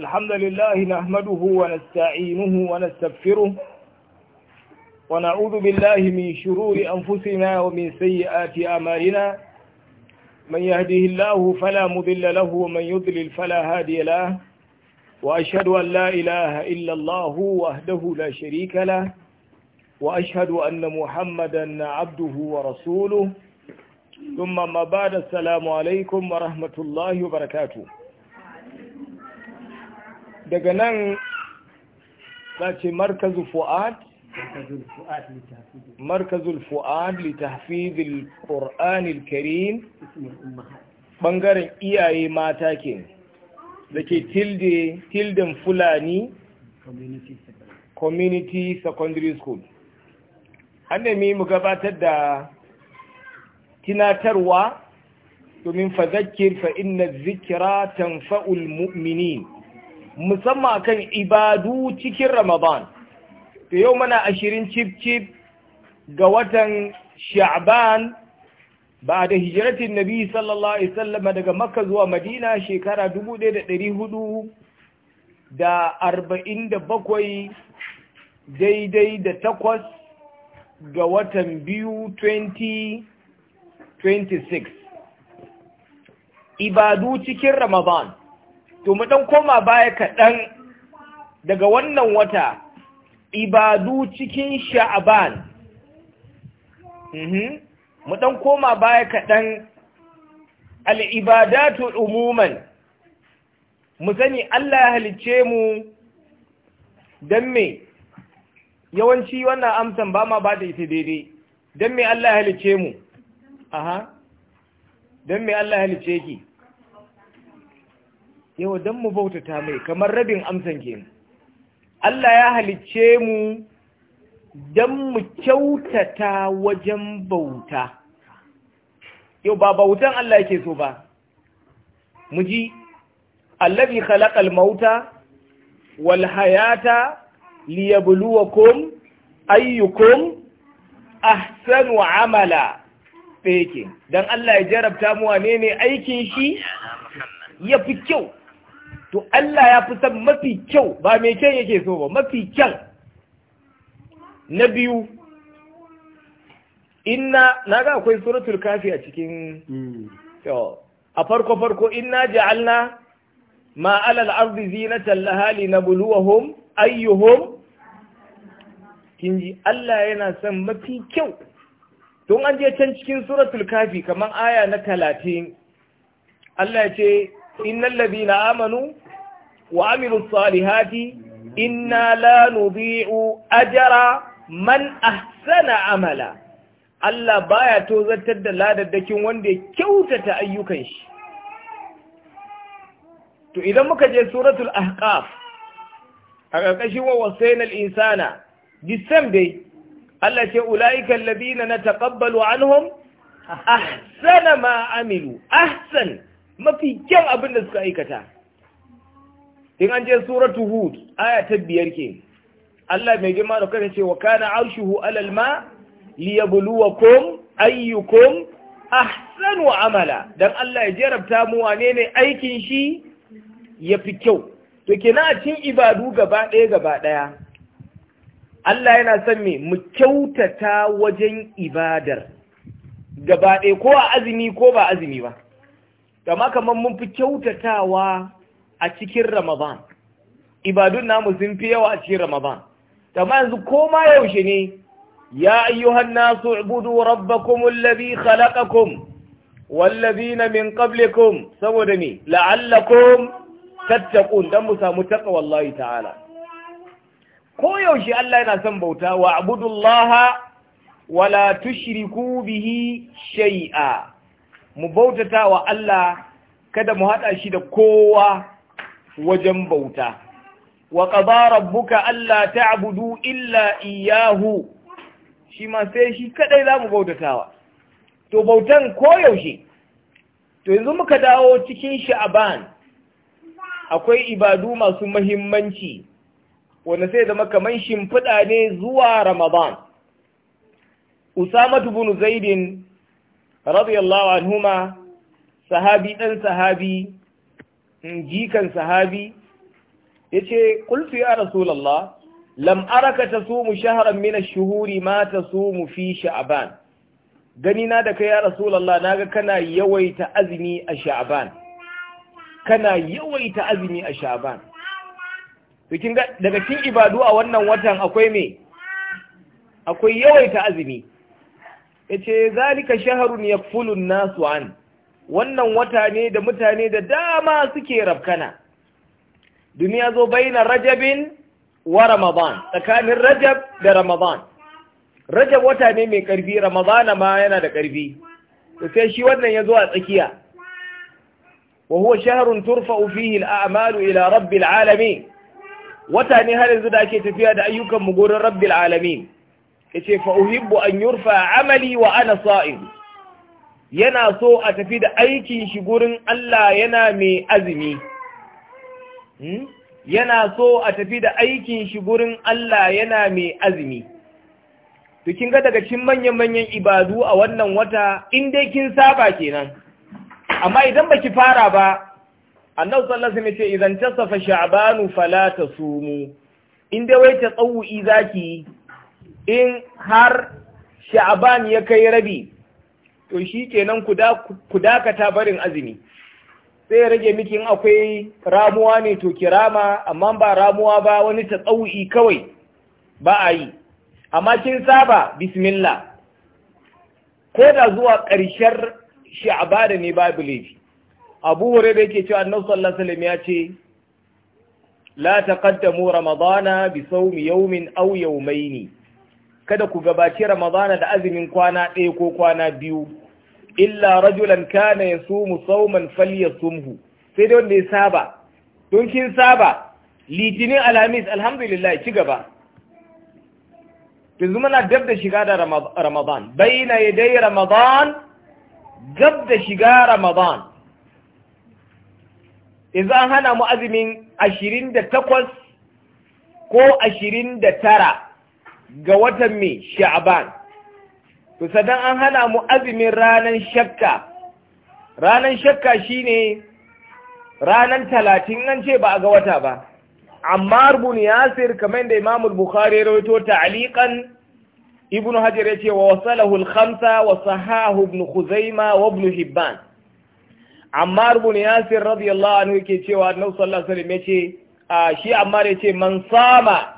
الحمد لله نحمده ونستعينه ونستغفره ونعوذ بالله من شرور أنفسنا ومن سيئات أعمالنا من يهده الله فلا مضل له ومن يضلل فلا هادي له وأشهد أن لا إله إلا الله وحده لا شريك له وأشهد أن محمدا عبده ورسوله ثم ما بعد السلام عليكم ورحمة الله وبركاته daga nan ce markazu fu'ad markazul fu'ad litahfizil qur'anil karim bangaren iyaye mata ke da ke tilden fulani community secondary school an mu gabatar da tinatarwa domin zakir fa inna zikira tanfa'ul mu'minin musamman kan ibadu cikin Ramadan. To yau mana ashirin cip-cip ga watan Sha'ban ba da hijiratin Nabi sallallahu Alaihi sallama daga Makka zuwa Madina shekara 1447 da arba'in da bakwai daidai da takwas ga watan biyu 2026. Ibadu cikin Ramadan. to mu dan koma baya kaɗan daga wannan wata ibadu cikin sha'aban mhm. mu dan koma baya kaɗan al'ibadatu umuman mu sani Allah ya halice mu don me yawanci wannan amsan ba ma ba da ita daidai don me Allah ya halice mu aha don me Allah ya halice ki Yau don mu bautata mai kamar rabin amsan mu. Allah ya halicce mu dan mu kyautata wajen bauta yau ba bautan Allah yake so ba mu ji allazi khalaqal mauta wal hayata liyabluwakum ayyukum ahsanu amala fake dan Allah ya jarabta mu wane ne aikin shi ya fi kyau to Allah ya fi san mafi kyau ba mai kyan yake so ba mafi kyan na biyu inna na ga akwai suratul kafi a cikin a farko farko inna ja'alna ma alal buluwa hom, ayyu hom. Kin kinji Allah yana son mafi kyau Tun an je can cikin suratul kafi kamar aya na talatin Allah ya ce innal ladina amanu wa amilus salihati inna la nudhi'u ajra man ahsana amala Allah baya tozartar da ladaddakin wanda ya kyautata ayyukan shi to idan muka je suratul ahqaf a ƙarƙashin wa wasainal insana disam dai Allah ce na alladhina nataqabbalu anhum ahsana ma amilu ahsan mafi kyan abin da suka aikata in an je suratu hud aya ta biyar ke Allah mai girma da kada ce wa kana arshuhu alal ma liyabluwakum ayyukum ahsanu amala dan Allah ya jarabta mu wane ne aikin shi ya fi kyau to a cikin ibadu gaba ɗaya gaba ɗaya Allah yana san me mu kyautata wajen ibadar gaba ɗaya ko a azumi ko ba azumi ba kama kamar mun fi kyautatawa a cikin ramadan ibadun namu sun fi yawa a cikin ramadan Gama yanzu koma yaushe ne ya ayyuhan nasu ubudu rabbakum allazi khalaqakum wallazina min qablikum saboda ne la'allakum tattaqun dan mu samu taqwa wallahi ta'ala ko yaushe Allah yana son bauta wa abudullaha wala tushriku bihi shay'a mu bautata wa Allah kada mu haɗa shi da kowa wajen bauta wa buka Allah ta abudu illa iyahu. shi ma sai shi kaɗai za mu bautatawa to bautan koyaushe to yanzu muka dawo cikin sha'aban akwai ibadu masu mahimmanci wanda sai zama kamar shimfiɗa ne zuwa ramadan usama bin zaidin radiyallahu anhuma sahabi ɗan sahabi jikan sahabi ya ce kultu ya rasulallah lam araka ta sumu shaharan mina shuhuri ma ta mu fi sha'aban gani na da kai ya rasulallah na ga kana yawaita azumi a sha'aban kana yawaita azumi a sha'aban daga cikin ibadu a wannan watan akwai me akwai yawaita azumi ya ce zalika shaharun ya fulun nasu an wannan wata ne da mutane da dama suke rafkana duniya zo bayyana rajabin wa ramadan tsakanin rajab da ramadan rajab wata ne mai karfi ramadana ma yana da karfi sai shi wannan ya zo a tsakiya wa huwa shahrun turfa'u fihi al'amalu ila rabbil alamin wata ne har yanzu da ake tafiya da ayyukan mu gurin rabbil alamin yace fa uhibbu an yurfa amali wa ana sa'im yana so a tafi da aikin shi gurin Allah yana mai azumi hmm? yana so a tafi da aikin shi gurin Allah yana mai azumi to ga daga cikin manyan-manyan ibadu a wannan wata in dai kin saba kenan amma idan baki fara ba annabi sallallahu alaihi wasallam ya ce idan tasafa sha'banu fala sumu. in dai wai ta tsawu'i zaki in har sha'ban ya kai rabi to shi kenan ku dakata barin azumi sai rage mikin akwai ramuwa ne to kirama amma ba ramuwa ba wani ta tsaui kawai ba a yi amma kin saba bismillah ko da zuwa ƙarshen sha'abada ne ba laifi abu wurin da yake cewa annabi sallallahu alaihi ya ce la taqaddamu ramadana bi sawmi yawmin aw yawmayn kada ku gabaci ramadana da azumin kwana ɗaya ko kwana biyu illa rajulan kana yasumu sauman falyasumhu sai dai wanda ya saba don kin saba litinin alhamis alhamdulillah ci gaba yanzu muna dab da shiga da ramadan baina dai ramadan gab da shiga ramadan yanzu an hana mu azumin ashirin da takwas ko ashirin da tara ga watan mai sha'aban to sadan an hana mu azumin ranan shakka ranan shakka shine ranar talatin an ce ba a ga wata ba amma rubun yasir kamar da imamul bukhari rawaito ta'liqan ibn hajar ya ce wa wasalahu al-khamsa wa sahahu ibn khuzaima wa ibn hibban amma rubun yasir radiyallahu anhu yake cewa annabi sallallahu alaihi wasallam yace shi amma yace man sama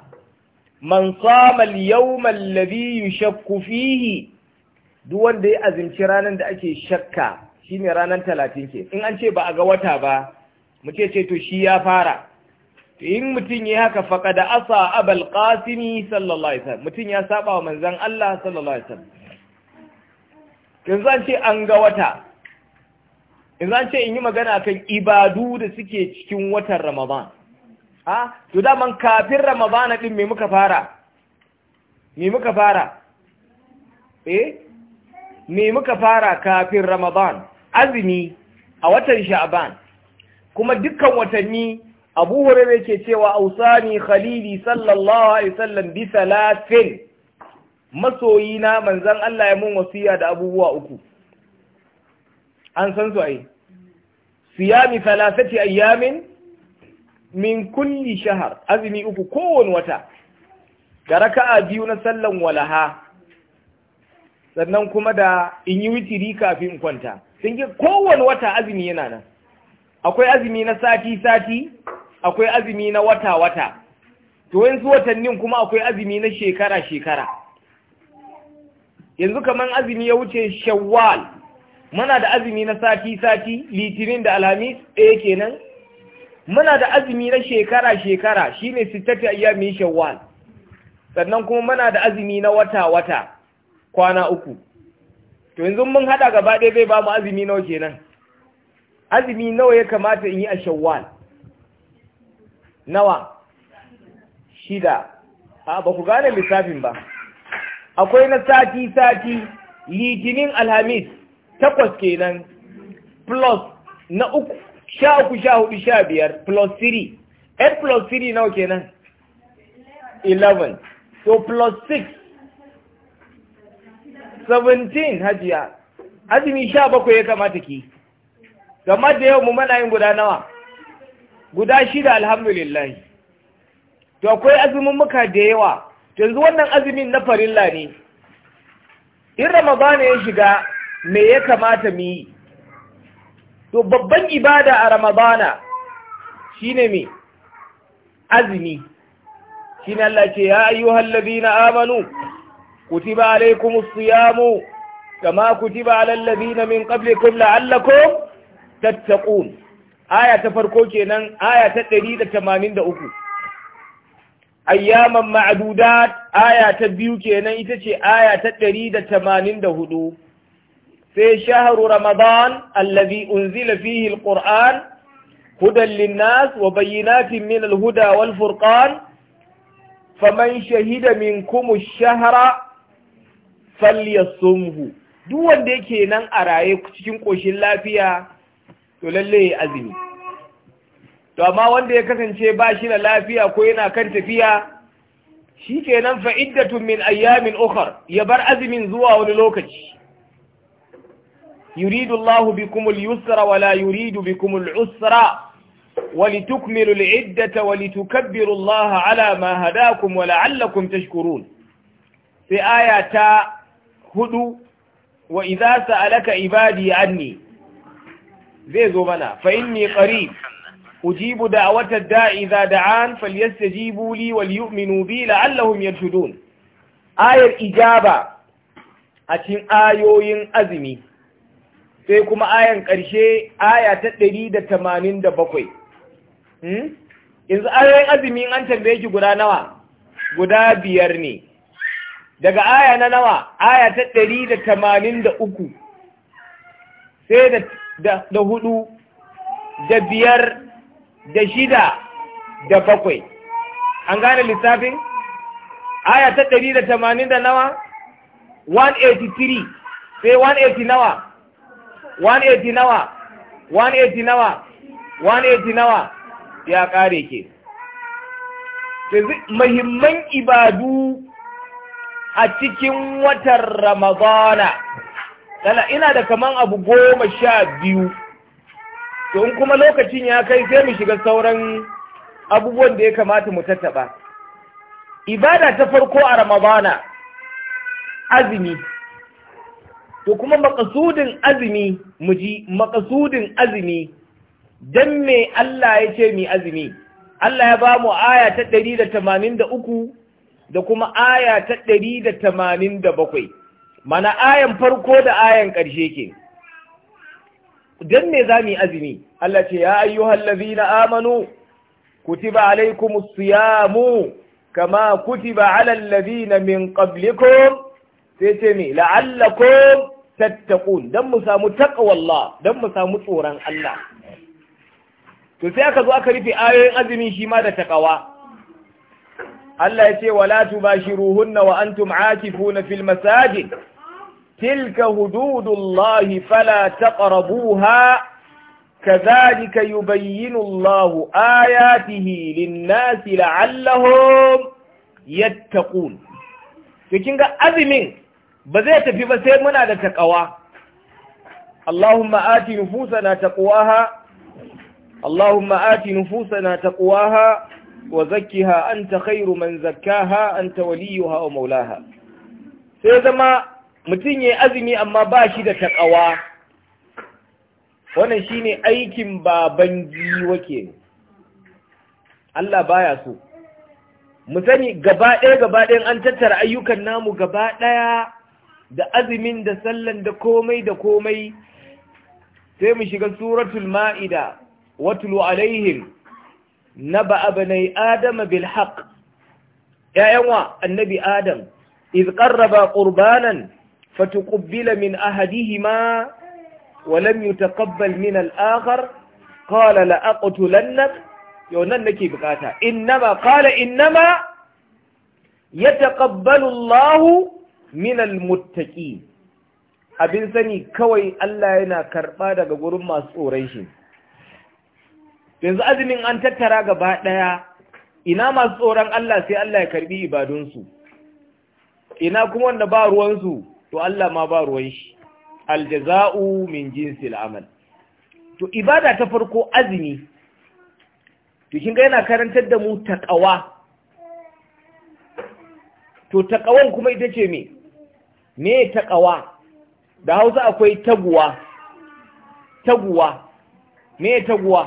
man sama al-yawma alladhi yushakku fihi duk wanda ya azumci ranar da ake shakka shine ranar talatin ke in an ce ba a ga wata ba mu ce ce to shi ya fara to in mutum ya haka faqad asa abal qasimi sallallahu alaihi wasallam mutum ya saba wa manzon Allah sallallahu alaihi wasallam yanzu an ce an ga wata in an ce in yi magana kan ibadu da suke cikin watan Ramadan a to man kafin ramadana din me muka fara me muka fara eh me muka fara kafin ramadan azumi a watan sha'ban kuma dukkan watanni abu hurairah yake cewa ausani khalili sallallahu alaihi wasallam bi salasin masoyina manzon Allah ya mun wasiya da abubuwa uku an san su ai siyami thalathati ayamin min kulli shahar azumi uku kowane wata da raka'a biyu na sallan walaha sannan kuma da in yi witiri kafin kwanta sun ke kowane wata azumi yana nan akwai azumi na sati-sati akwai azumi na wata-wata to yanzu watannin kuma akwai azumi na shekara-shekara yanzu kamar azumi ya wuce shawwal muna da azumi na sati-sati litinin da alhamis ɗaya kenan muna da azumi na shekara-shekara shi ne sittati ayyami shawwal sannan kuma muna da azumi na wata-wata kwana uku to yanzu mun haɗa gaba ɗaya zai ba mu azumi nawa kenan azumi nawa ya kamata in yi a shawwal nawa shida a ba ku gane lissafin ba akwai na sati-sati litinin alhamis takwas kenan plus na uku sha uku sha hudu sha biyar plus 3 8 plus 3 nawa kenan 11 so plus 6 17 hajiya azumi sha bakwai ya kamata ki gama da yau mu mana yin guda nawa guda shida alhamdulillah to akwai azumin muka da yawa yanzu wannan azumin na farilla ne in ramadana ya shiga me ya kamata mu yi to babban ibada a ramadana shine mai azumi ne Allah ce ya na amanu kutiba alaikum siyamu kama kutiba alallabi na min qablikum la'allakum tattaqun aya ta farko kenan aya ta 183 ayyaman ma'adudat aya ta biyu kenan ita ce aya ta 184 sai shahru ramadan allazi unzila fihi ƙuran hudan linnas wa bayyinatin min alhuda wal furqan faman shahida minkum ash-shahra falyasumhu duk wanda yake nan a raye cikin koshin lafiya to lalle azumi to amma wanda ya kasance ba shi da lafiya ko yana kan tafiya shi kenan fa'iddatun min ayyamin ukhar ya bar azumin zuwa wani lokaci يريد الله بكم اليسر ولا يريد بكم العسر ولتكملوا العدة ولتكبروا الله على ما هداكم ولعلكم تشكرون في آية هدو وإذا سألك عبادي عني زي زمنا فإني قريب أجيب دعوة الداع إذا دعان فليستجيبوا لي وليؤمنوا بي لعلهم يرشدون آية الإجابة أتن آيوين أزمي sai kuma ayan ƙarshe aya ta ɗari da tamanin da bakwai hmm? yanzu ayoyin azumi an tambaye ki guda nawa guda biyar ne daga aya na nawa aya ta ɗari da tamanin da uku sai da hudu da biyar da shida da bakwai an gane lissafin aya ta ɗari da tamanin da nawa 183 sai 180 nawa Wani 180 nawa Wani 180 nawa Wani 180 nawa ya kare ke muhimman ibadu a cikin watan ramadana dala ina da kaman abu goma sha biyu to in kuma lokacin ya kai sai mu shiga sauran abubuwan da ya kamata mu tattaba ibada ta farko a ramadana azumi to kuma makasudin azumi mu ji makasudin azumi dan me Allah ya ce mi azumi Allah ya ba mu aya ta 183 da kuma aya ta 187 mana ayan farko da ayan ƙarshe ke dan me za mu azumi Allah ce ya ayyuhal ladzina amanu kutiba alaikumus siyamu kama kutiba alal ladzina min qablikum sai ce me la'allakum tattaqun Don mu samu taqwallah don mu samu tsoron Allah to sai aka zo aka rufe ayoyin azumi shi ma da taƙawa. Allah ya ce wala tubashiruhunna wa antum aakifuna fil masajid tilka hududullahi fala taqrabuha كذلك يبين الله آياته للناس لعلهم يتقون kin ga azumin ba zai tafi ba sai muna da taƙawa. Allahumma ati nufusana taqwaha Allahumma ati nufusana taqwaha wa zakkiha anta khairu man zakkaha anta waliyuha wa maulaha sai zama mutum yayi azumi amma ba shi da taqawa wannan shine aikin baban giwa kenan Allah baya so mu sani gaba ɗaya gaba ɗayan an tattara ayyukan namu gaba ɗaya da azumin da sallan da komai da komai sai mu shiga suratul ma'ida watlu alaihim naba abnai adam bil haqq ya'yan wa annabi adam iz qarraba qurbanan min ahadihima wa lam yutaqabbal فتقبل من أحدهما ولم يتقبل من الآخر nake bukata inna ma qala inna ma yataqabbalu allah minal muttaki abin sani kawai Allah yana karɓa daga gurin masu tsoron shi yanzu azumin an tattara gaba ɗaya ina masu tsoron Allah sai Allah ya karɓi ibadunsu ina kuma wanda ba ruwansu to Allah ma ba ruwan shi aljaza'u min jinsi amal to ibada ta farko azumi to kin ga yana karantar da mu taqwa to taqawan kuma ita ce me me ƙawa? da hausa akwai taguwa taguwa me taguwa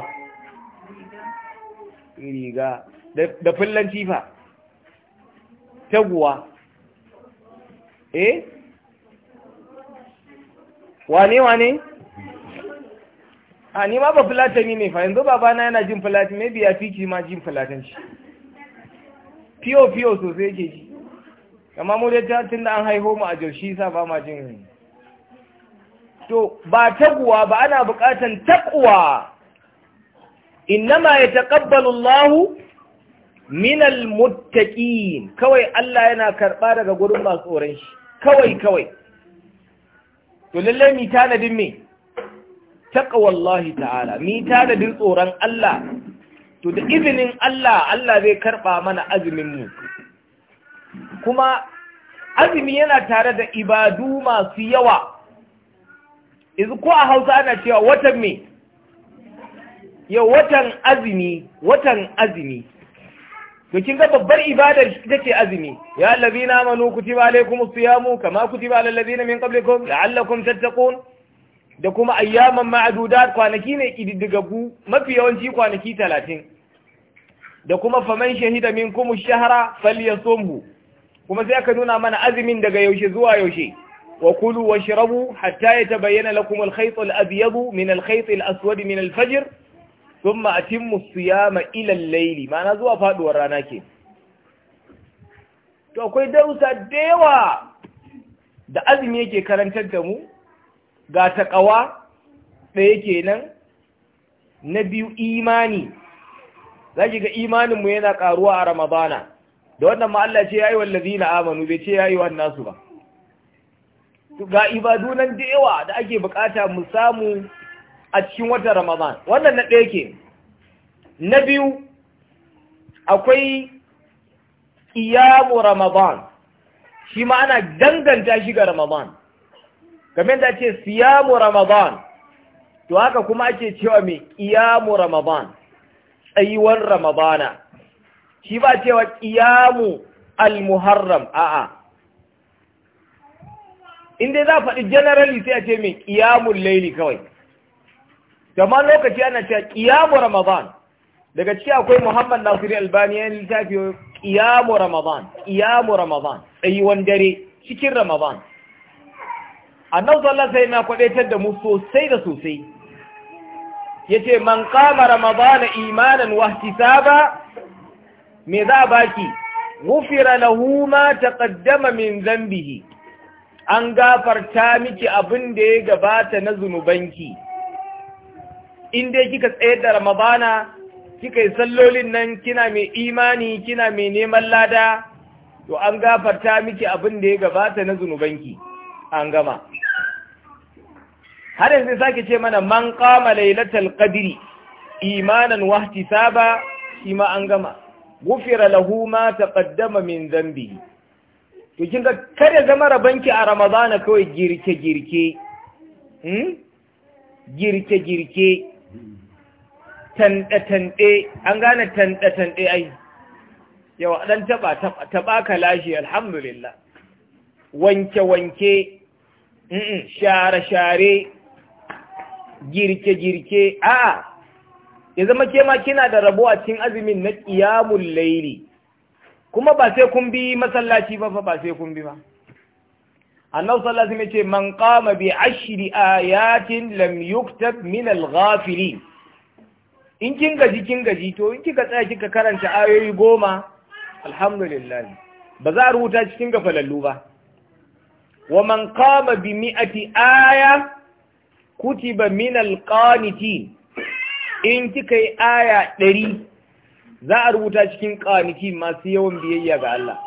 riga da fillan cifa taguwa eh wane wane a ni ma ba fulatani ne fa yanzu babana yana jin fulatan. maybe ya fi ma jin shi fiyo fiyo sosai yake ji amma mu dai tun da an haiho mu a jaushi sa ba ma jin to ba taguwa ba ana buƙatan taqwa innama yataqabbalu Allahu minal muttaqin kawai Allah yana karba daga gurin masu tsoron shi kawai kawai to lalle mi tanadin me taqwallahi ta'ala mi tanadin tsoron Allah to da izinin Allah Allah zai karba mana azumin mu kuma azumi yana tare da ibadu masu yawa izu ko a hausa ana cewa watan me yau watan azumi watan azumi to kin ga babbar ibadar ita ce azumi ya allazina amanu kutiba alaykumus siyamu kama kutiba alal ladina min qablikum la'allakum tattaqun da kuma ayyaman ma'adudat kwanaki ne kididdigagu mafi yawanci kwanaki talatin da kuma faman shahida minkum ash-shahra falyasumhu kuma sai aka nuna mana azumin daga yaushe zuwa yaushe wa kulu wa shirabu hatta ya tabayyana lakum al-khayt al abyad min al-khayt al-aswad min al-fajr thumma atimmu as-siyama ila al-layl ma'ana zuwa faduwar rana ke to akwai dausa da yawa da azumi yake karantar da mu ga taqawa ɗaya kenan na biyu imani zaki ga imanin mu yana karuwa a ramadana da wannan ma Allah ce yayi na amanu bai ce yayi wa nasu ba to ga ibadu nan da yawa da ake bukata mu samu a cikin wata Ramadan wannan na ɗaya ke na biyu akwai iyamu Ramadan shi ma ana danganta shi ga Ramadan kamar da ce siyamu Ramadan to haka kuma ake cewa mai iyamu Ramadan tsayuwar Ramadana shi ba cewa ƙiyamu al-muharram a'a inda za faɗi generally sai a ce mai ƙiyamun laili kawai gama lokaci ana cewa ƙiyamu ramadan daga ciki akwai muhammad nasiru albani ya littafi ƙiyamu ramadan ƙiyamu ramadan tsayuwan dare cikin ramadan nan sallallahu sai na kwadaitar da mu sosai da sosai yace man qama ramadana imanan wa ihtisaba me za a baki gufira huma ta taqaddama min zambihi an gafarta miki abin da ya gabata na zunubanki in dai kika tsayar da ramabana, kika yi sallolin nan kina mai imani kina mai neman lada to an gafarta miki abin da ya gabata na zunubanki an gama har yanzu sake ce mana man kama lailatul qadri imanan wahtisaba shi ma an gama gufira lahu ma taqaddama min dhanbi to kinga kada zama rabanki a ramadana kawai girke girke hmm? girke girke tanda tande an gane tanda tande ai yau dan taba taba ka lashi alhamdulillah wanke wanke mm share share girke girke a'a ya zama ke ma kina da rabo a cikin azumin na qiyamul layli kuma ba sai kun bi masallaci ba ba sai kun bi ba annabi sallallahu alaihi wasallam ce man qama bi ashri ayatin lam yuktab min al-ghafilin in kin gaji kin gaji to in kika tsaya kika karanta ayoyi goma alhamdulillah ba za a rubuta cikin gafalallu ba wa man qama bi mi'ati aya kutiba min al-qanitin in kika yi aya ɗari za a rubuta cikin ƙaniki masu yawan biyayya ga Allah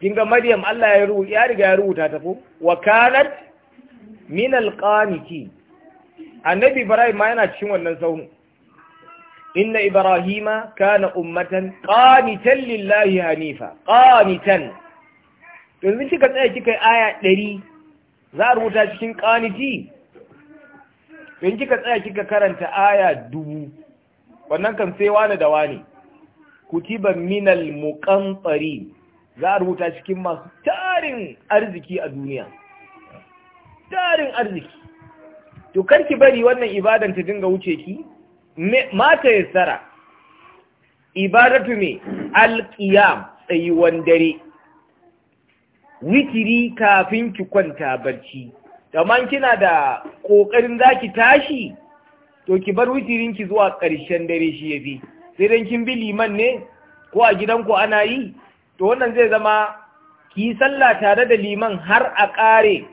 kinga maryam Allah ya riga ya rubuta ta ko wa Kanar min alqaniki annabi ibrahim ma yana cikin wannan saunu inna ibrahima kana ummatan kanitan lillahi hanifa qanitan yanzu kika tsaya kika yi aya ɗari, za a rubuta cikin ƙaniki. in kika tsaya kika karanta aya dubu wannan kan sai wani da wani kutiba minal muqantari za a rubuta cikin masu tarin arziki a duniya tarin arziki to karki bari wannan ibadan ta dinga wuce ki mata yassara ibadatu me alqiyam tsayuwan dare witiri kafin ki kwanta barci kamar kina da ƙoƙarin za ki tashi to ki bar wutirin ki zuwa ƙarshen dare shi ya fi sai don kin bi liman ne ko a gidanku ana yi to wannan zai zama ki sallah tare da liman har a ƙare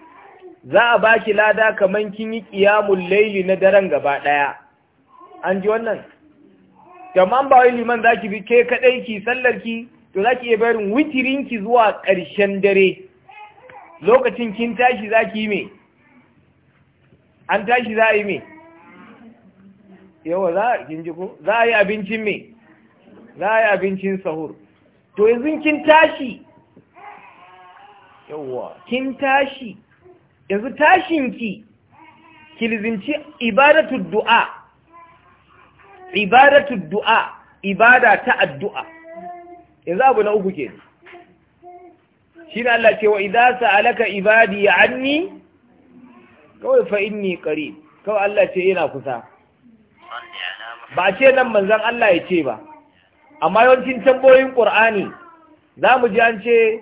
za a ba ki lada kamar kin yi ƙiyamun laili na daren gaba ɗaya. an ji wannan kamar ba wai liman ki bi ke kaɗai ki sallar ki to za ki iya barin wutirin ki zuwa ƙarshen dare lokacin kin tashi ki yi mai. an tashi za a yi me yawa za a kinji ko za a yi abincin me za a yi abincin sahur to yanzu kin tashi yawa kin tashi yanzu tashinki ki lizinci ibadatu du'a ibadatu du'a ibada ta addu'a yanzu abu na uku ke shi ne Allah ce wa idasa alaka ibadi anni kawai fa ƙari. kawai Allah ce yana kusa ba ce nan manzon Allah ya ce ba amma yawancin tambayoyin za zamu ji an ce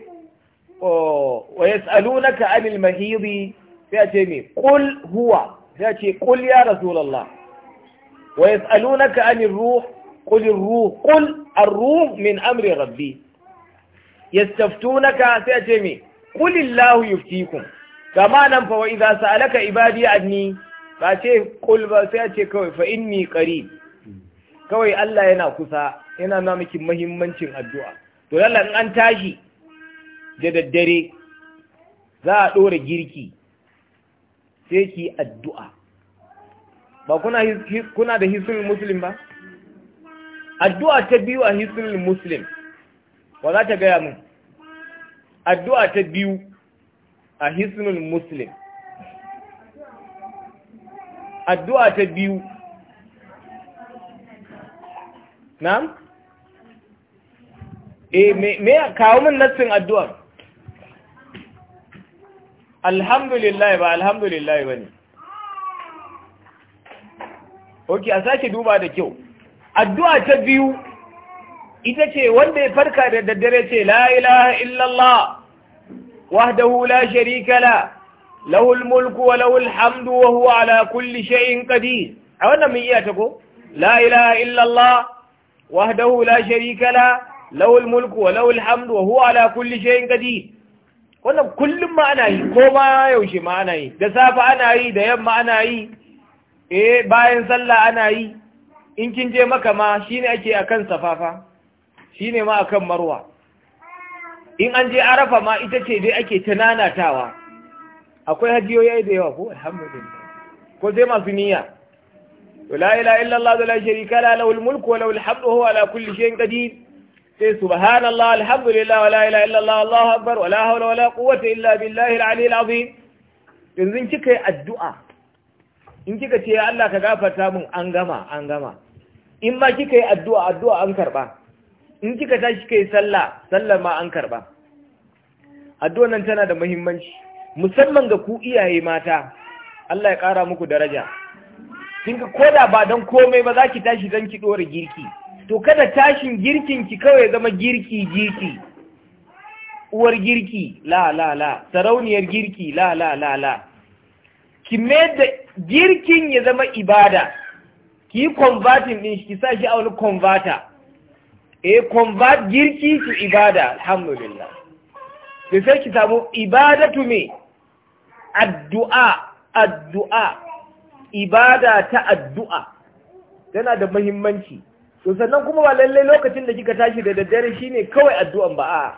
wa yas'alunaka 'anil mahidi sai ce me qul huwa sai ce qul ya rasulallah!' wa yas'alunaka 'anil ruh qul ruh qul ar-ruh min amri rabbi yastaftunaka sai a ce me qul illahu yuftikum kama nan fa wa su alaka ibadi anni ba ce kul ba sai ce kawai fa inni ƙari. kawai Allah yana kusa yana na miki muhimmancin addu'a to lalla in an tashi da daddare za a ɗora girki sai ki addu'a ba kuna kuna da Hisirin musulun ba addu'a ta biyu a Hisirin musulun ba za ta gaya min? addu'a ta biyu a hisnul muslim addu'a ta biyu na'am e me kawo min nassin addu'a alhamdulillah ba alhamdulillah ba ne ok a sake duba da kyau addu'a ta biyu ita ce wanda ya farka da daddare ce la ilaha illallah وحده لا شريك له له الملك وله الحمد وهو على كل شيء قدير أولا من إياتكم لا إله إلا الله وحده لا شريك له له الملك وله الحمد وهو على كل شيء قدير wannan kullum ma ana yi ko ma yaushe ma ana yi da safe ana yi da yamma ana yi eh bayan sallah ana yi in kin je maka ma shine ake akan safafa shine ma akan marwa in an je arafa ma ita ce dai ake tunanatawa akwai hajiyoyi da yawa ko alhamdulillah ko sai masu niyya la ilaha illallah wa la sharika la lahul mulku wa lahul hamdu huwa ala kulli shay'in qadir sai subhanallah alhamdulillah wa la ilaha illallah allahu akbar wa la hawla wa la quwwata illa billahi al-ali al yanzu kika yi addu'a in kika ce ya Allah ka gafarta mun an gama an gama in ma kika yi addu'a addu'a an karba in kika tashi kai sallah sallar ma an karba addu'a nan tana da muhimmanci musamman ga ku iyaye mata Allah ya kara muku daraja kin ga koda ba dan komai ba zaki tashi dan ki dora girki to kada tashin girkin ki kawai zama girki girki uwar girki la la la sarauniyar girki la la la la ki da girkin ya zama ibada ki converting din shi ki sa shi a wani converter E, convert girki to ibada alhamdulillah da sai ki samu ibadatu me addu'a addu'a ibada ta addu'a tana da muhimmanci to sannan kuma ba lallai lokacin da kika tashi da daddare shine kawai addu'an ba a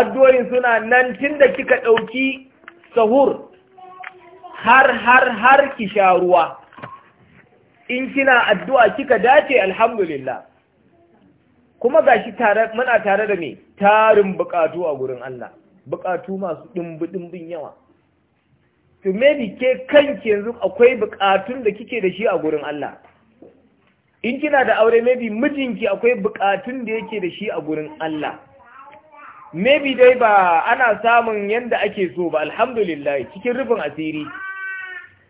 addu'o'in suna nan tunda kika dauki sahur har har har ki sha ruwa in kina addu'a kika dace alhamdulillah kuma gashi tare muna tare da mai tarin bukatu a gurin Allah bukatu masu dimbi dimbin yawa to maybe ke kanki yanzu akwai bukatun da kike da shi a gurin Allah in kina da aure maybe mijinki akwai bukatun da yake da shi a gurin Allah maybe dai ba ana samun yanda ake so ba alhamdulillah cikin rufin asiri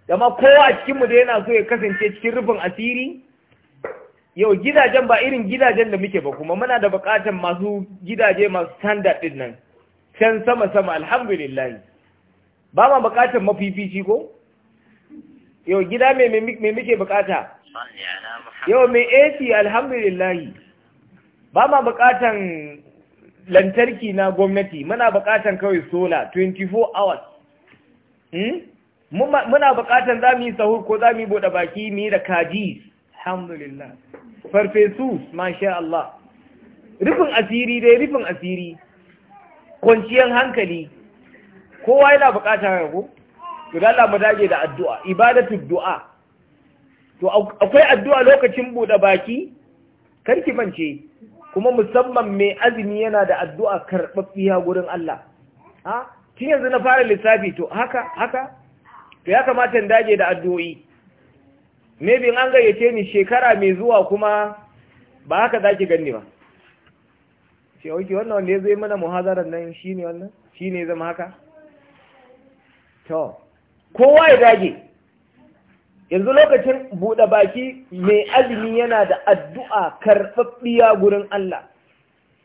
dama kowa a cikinmu da yana so ya kasance cikin rufin asiri yau gidajen ba irin gidajen da muke ba kuma muna da bukatan masu gidaje masu standard din nan can sama sama alhamdulillah ba ma buƙatar mafifici ko yau gida me mai muke bukata? yau me AC alhamdulillah ba ma buƙatan lantarki na gwamnati muna bukatan kawai solar 24 hours hmm? muna bukatan za mu yi sahur ko za mu yi buɗe baki mu yi da kaji alhamdulillah farfesu masha Allah rufin asiri dai rufin asiri kwanciyar hankali kowa yana bukatar rago to da Allah mu da addu'a ibadatu du'a to akwai addu'a lokacin bude baki karki mance kuma musamman mai azumi yana da addu'a karbabbiya gurin Allah ha kin yanzu na fara lissafi to haka haka to ya kamata in dage da addu'o'i maybe an gayyace ni shekara mai zuwa kuma ba haka zaki ganni ba shi oke wannan wanda ya zai mana muhazarar nan shine wannan shine zama haka to kowa ya dage yanzu lokacin buɗe baki mai azumi yana da addu'a karfaffiya gurin Allah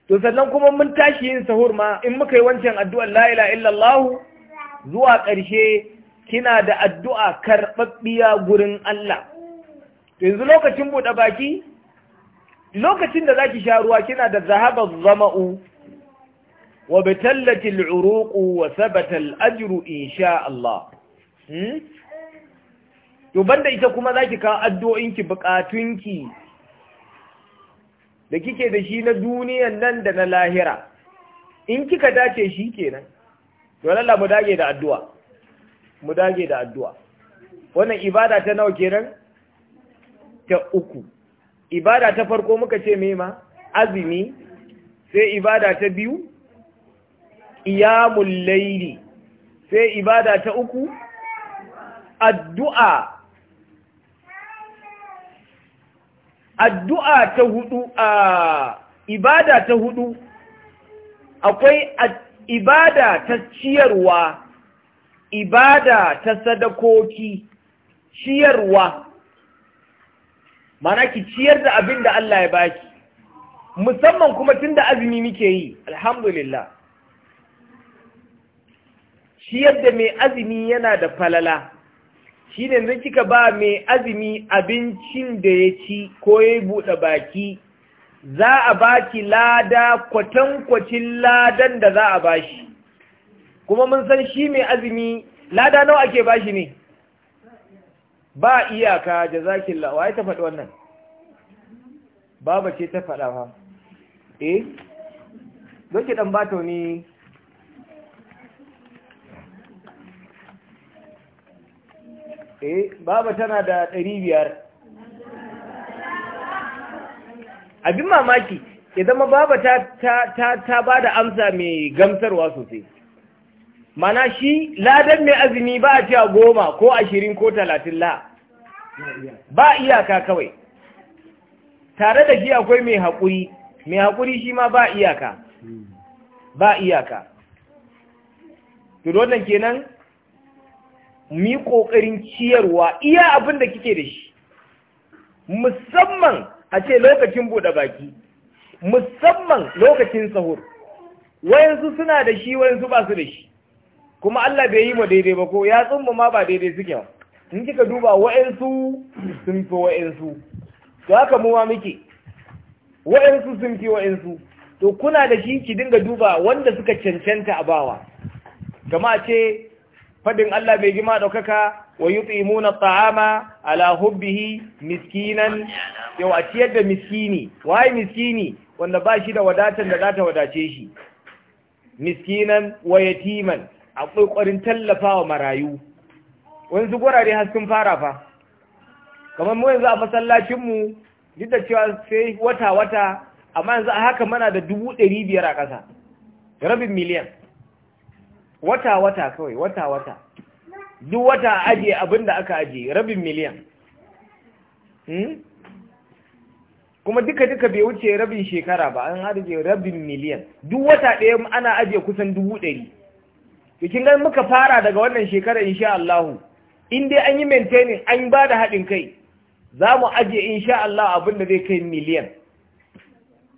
to sannan kuma mun tashi yin sahur ma in muka yi wancan addu'ar la illallah zuwa ƙarshe kina da addu'a karfaffiya gurin Allah yanzu lokacin buɗe baki lokacin da zaki sha ruwa kina da zahaba zama'u wa batallati al'uruqu wa sabata al'ajru insha Allah hmm? to banda ita kuma zaki kawo addu'o'inki bukatunki da kike da shi na duniyan nan da na lahira in kika dace shi kenan to lalla mu dage da addu'a mu dage da addu'a wannan ibada ta nawa kenan ta uku ibada ta farko muka ce me ma azumi sai ibada ta biyu qiyamul layli sai ibada ta uku addu'a addu'a ta hudu a ibada ta hudu akwai ibada ta ciyarwa ibada ta sadakoki ciyarwa mana ki ciyar da abin da Allah ya baki musamman kuma tun da azumi muke yi alhamdulillah ciyar da mai azumi yana da falala shi ne zai kika ba mai azumi abincin da ya ci ko ya buɗe baki za a baki lada kwatankwacin ladan da za a bashi kuma mun san shi mai azumi lada nawa ake bashi ne ba iyaka jazakillah wai ta faɗi wannan baba ce ta faɗa fa eh don ki dan ba ta wani eh baba tana da ɗari biyar abin mamaki idan ma baba ta ta ta ba da amsa mai gamsarwa sosai mana shi ladan mai azumi ba a cewa goma ko ashirin ko talatin la ba iyaka kawai tare da shi akwai mai haƙuri mai haƙuri shi ma ba iyaka ba iyaka nan, kenan mi ƙoƙarin ciyarwa iya abin da kike da shi musamman a ce lokacin buɗe baki musamman lokacin sahur wayansu suna da shi wayansu ba su da shi kuma Allah bai yi ma daidai ba ko ya tsumma ma ba daidai suke ba in kika duba wa'ansu sun fi wa'ansu to haka mu ma muke wa'ansu sun fi wa'ansu to kuna da shi ki dinga duba wanda suka cancanta a bawa kama ce fadin Allah bai gima daukaka wa yut'imuna at'ama ala hubbihi miskinan yau a ciyar da miskini wai miskini wanda ba shi da wadatar da zata wadace shi miskinan wa yatiman a tallafa tallafawa marayu wanzu gwara ne haskin fara fa kamar mu yanzu a masallacinmu duk da cewa sai wata-wata amma yanzu a haka mana da dubu ɗari biyar a ƙasa rabin miliyan wata-wata kawai wata-wata duk wata a ajiye abin da aka ajiye rabin miliyan hmm? kuma duka-duka bai wuce rabin shekara ba an ajiye rabin miliyan duk wata ɗaya ana ajiye kusan dubu ɗari Bikin gan muka fara daga wannan shekarar insha Allah in dai an yi maintaining an ba da haɗin kai za mu ajiye insha Allah abin da zai kai miliyan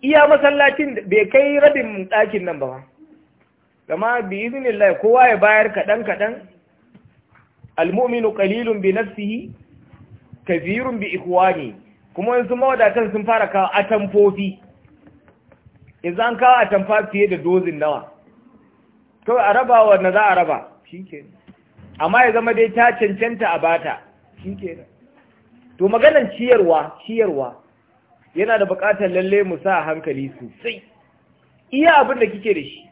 iya masallacin bai kai rabin ɗakin nan ba ba kama bi iznillah kowa ya bayar kaɗan kaɗan almu'minu qalilun bi nafsihi kathirun bi ikhwani kuma yanzu mawadatan sun fara kawo atamfofi yanzu an kawo atamfa fiye da dozin nawa kawai a raba wanda za a raba amma ya zama dai ta cancanta a bata to maganan ciyarwa ciyarwa yana da buƙatar lalle mu sa hankali sosai iya abin da kike da shi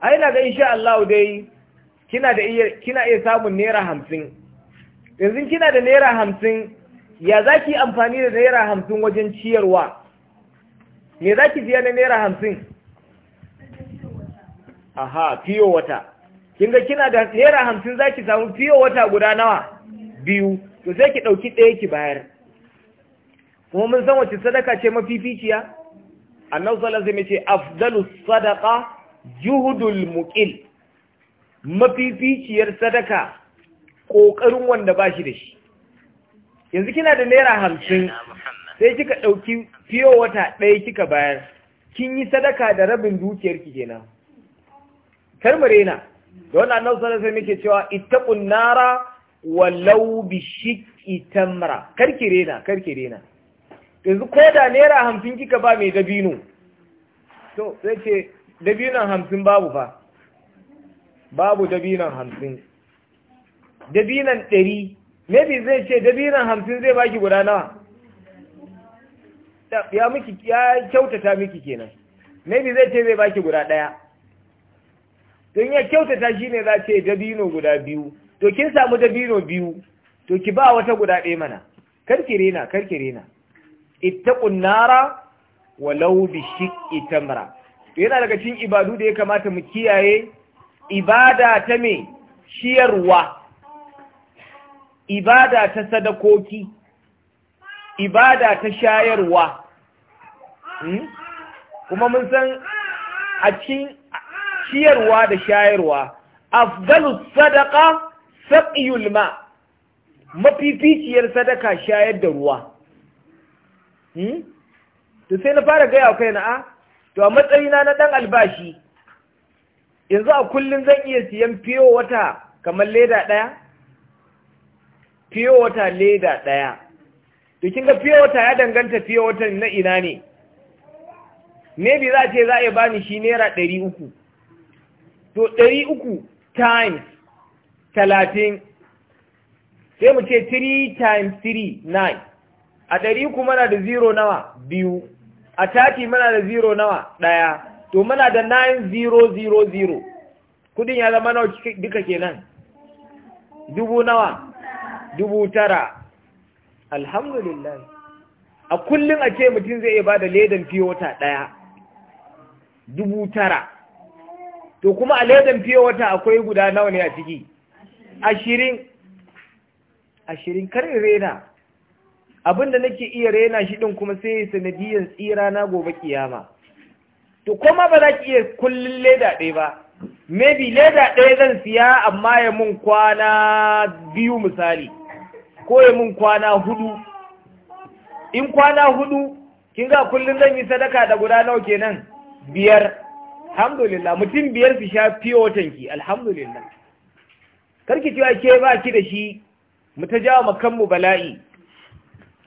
ai na ga insha Allah dai kina da iya kina iya samun naira hamsin? yanzu kina da naira hamsin. ya za ki amfani da naira hamsin wajen ciyarwa me za ki biya na naira hamsin? aha fiyo wata Kinga kina da naira hamsin za ki samu fiyo wata guda nawa biyu to sai ki ɗauki ɗaya ki bayar kuma mun san wace sadaka ce mafificiya annabi sallallahu alaihi wasallam ce afdalu sadaqa juhudul muqil mafificiyar sadaka ƙoƙarin wanda ba shi da shi yanzu kina da naira hamsin sai kika ɗauki fiyo wata ɗaya kika bayar kin yi sadaka da rabin dukiyarki kenan kar mu rena da wannan annabi sallallahu alaihi wasallam yake cewa ittaqun nara walau bi shiqqi tamra kar ki rena kar ki rena yanzu ko da naira hamsin kika ba mai dabino to sai ce dabinon hamsin babu fa babu dabinon hamsin dabinon ɗari maybe zai ce dabinon hamsin zai baki guda nawa ya miki ya kyautata miki kenan maybe zai ce zai baki guda ɗaya don ya kyautata shi ne za ce dabino guda biyu to kin samu dabino biyu to ki ba wata guda ɗaya mana ki rena ki rena ittaqun nara walau bi shiqqi tamra to yana daga cikin ibadu da ya kamata mu kiyaye ibada ta me ciyarwa ibada ta sadakoki ibada ta shayarwa hmm? kuma mun san a cikin ciyarwa da shayarwa afdalu sadaqa saqiyul ma mafificiyar sadaka shayar da ruwa hmm to sai na fara gaya kai na a ah, to a matsayina na dan albashi yanzu a kullun zan iya siyan fiyo wata kamar leda daya fiyo wata leda daya to kin ga fiyo wata ya danganta fiyo wata na ina ne Nebi za za ce za a yi bani shi naira ɗari uku to ɗari uku times talatin sai mu ce 3 times 3 9 a ɗari uku mana da zero nawa biyu a tati mana da zero nawa ɗaya to mana da 9000 kudin ya zama nawa duka kenan dubu nawa dubu tara alhamdulillah a kullum a ce mutum zai iya ba da ledan fiye wata ɗaya dubu tara to kuma a ledan fiye wata akwai guda nawa ne a ciki ashirin ashirin karin rena abinda nake iya rena shi din kuma sai sanadiyan tsira na gobe kiyama to kuma ba za ki iya kullun leda ɗaya ba maybe leda ɗaya zan siya amma ya mun kwana biyu misali ko ya mun kwana hudu in kwana hudu kin ga kullun zan yi sadaka da guda nawa kenan biyar alhamdulillah mutum biyar su sha fiye watanki alhamdulillah karki cewa ke ba ki da shi mu ta jawo makanmu bala'i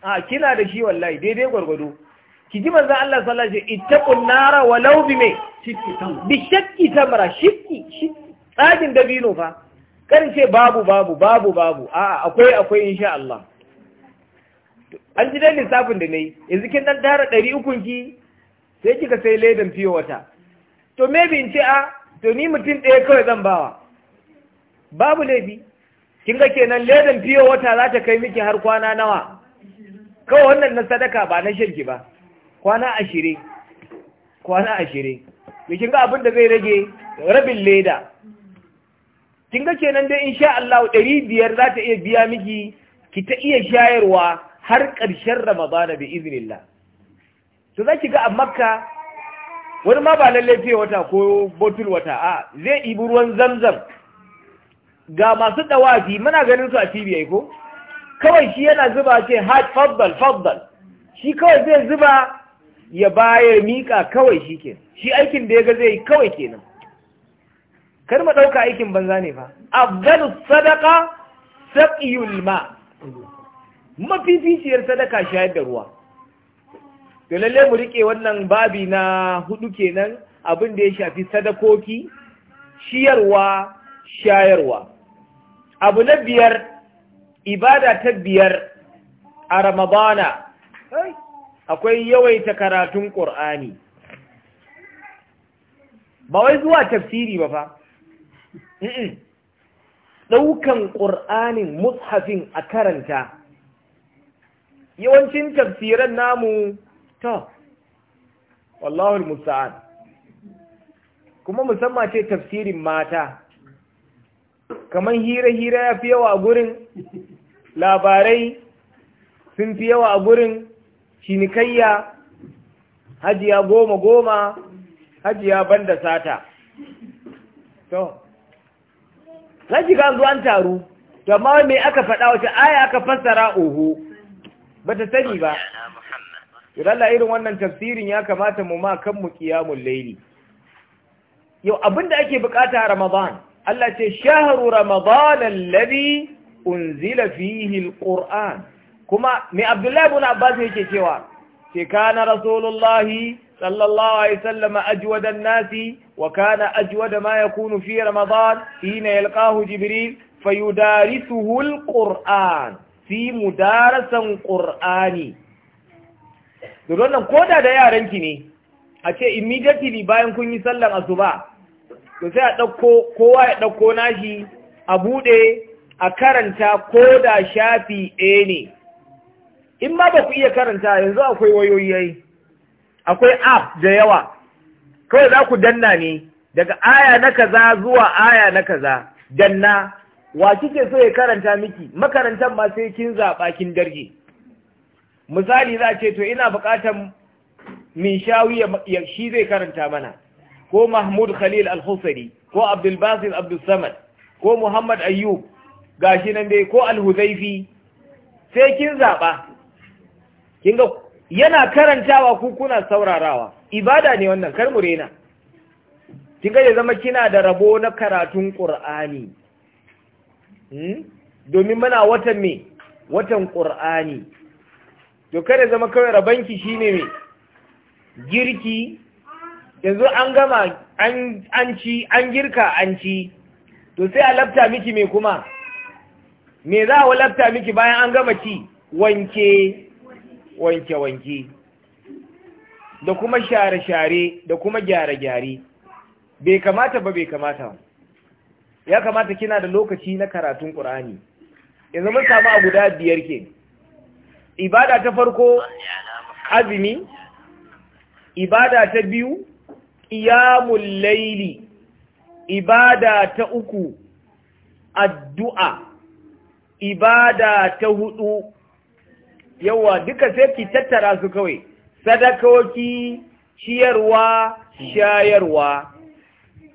a kina da shi wallahi daidai gwargwado ki ji manzan Allah sallallahu alaihi wasallam ittaqun nara walau bi mai bi shakki tamra shakki tsagin dabino fa kar ce babu babu babu babu a akwai akwai insha Allah an ji dai lissafin da nayi yanzu kin dan tara 300 ki sai kika sai ledan fiye wata to maybe in ce a ah, to ni mutum ɗaya kawai zan bawa babu laifi kin ga kenan ledan fiye wata za ta kai miki har kwana nawa kawai wannan na sadaka ba na shirki ba kwana ashirin kwana ashirin Me kin ga abin da zai rage rabin leda kin ga kenan dai insha Allah ɗari biyar za ta iya biya miki ki ta iya shayarwa har ƙarshen Ramadana bi iznillah to za ki ga a Makka wani ma ba lalle fiye wata ko botul wata a zai ibi ruwan zamzam ga masu dawafi muna ganin su a cibiya ko kawai shi yana zuba ce hajj faddal faddal shi kawai zai zuba ya baya mika kawai shi ke shi aikin da ya ga zai kawai kenan kar mu dauka aikin banza ne fa afdalu sadaqa saqiyul ma mafificiyar sadaka shayar da ruwa to lalle mu rike wannan babi na hudu kenan abin da ya shafi sadakoki Shiyarwa, shayarwa abu na biyar ibada ta biyar a ramadana akwai yawaita karatun ƙur'ani ba wai zuwa tafsiri ba fa ɗaukan ƙur'anin mushafin a karanta yawancin tafsiran namu to wallahul musta'an kuma musamman ce tafsirin mata kamar hira-hira ya fi yawa a gurin labarai sun fi yawa a gurin cinikayya hajiya goma-goma hajiya banda sata to haji zuwan taru to amma mai aka faɗa wata aya aka fassara oho ba ta sani ba to irin wannan tafsirin ya kamata mu ma kan mu qiyamul laili yau abinda ake bukata a ramadan Allah ce shaharu ramadan alladhi unzila fihi qur'an. kuma mai abdullahi ibn abbas yake cewa ce kana rasulullahi sallallahu alaihi wasallam ajwada nasi wa kana ajwada ma yakunu fi ramadan hina yalqahu jibril fayudarisuhul alquran fi mudarasan qur'ani to nan koda da yaranki ne a ce immediately bayan kun yi sallan asuba to sai a ɗauko kowa ya dauko nashi a bude a karanta ko da shafi ɗaya ne in ma ba ku iya karanta yanzu akwai wayoyi akwai app da yawa kawai za ku danna ne daga aya na kaza zuwa aya na kaza danna wa kike so ya karanta miki makarantar ma sai kin zaɓa kin darje misali za a ce to ina bukatar min shawi ya shi zai karanta mana ko mahmud khalil al-husari ko abdul Basir abdul samad ko muhammad ayyub gashi nan dai ko al-huzaifi sai kin zaba kin ga yana karantawa ku kuna saurarawa ibada ne wannan kar mu rena kin ga ya zama kina da rabo na karatun qur'ani hmm? domin muna watan me watan qur'ani to kada zama kawai rabanki shine me girki yanzu an gama an ci an girka an ci to sai a lafta miki me kuma me za a lafta miki bayan an gama ci wanke wanke wanke da kuma share share da kuma gyare gyare bai kamata ba bai kamata ya kamata kina da lokaci na karatun ƙur'ani yanzu mun samu a guda biyar ke ibada ta farko azumi ibada ta biyu qiyamul laili ibada ta uku addu'a ibada ta hudu yawa duka sai ki tattara su kawai sadakoki ciyarwa shayarwa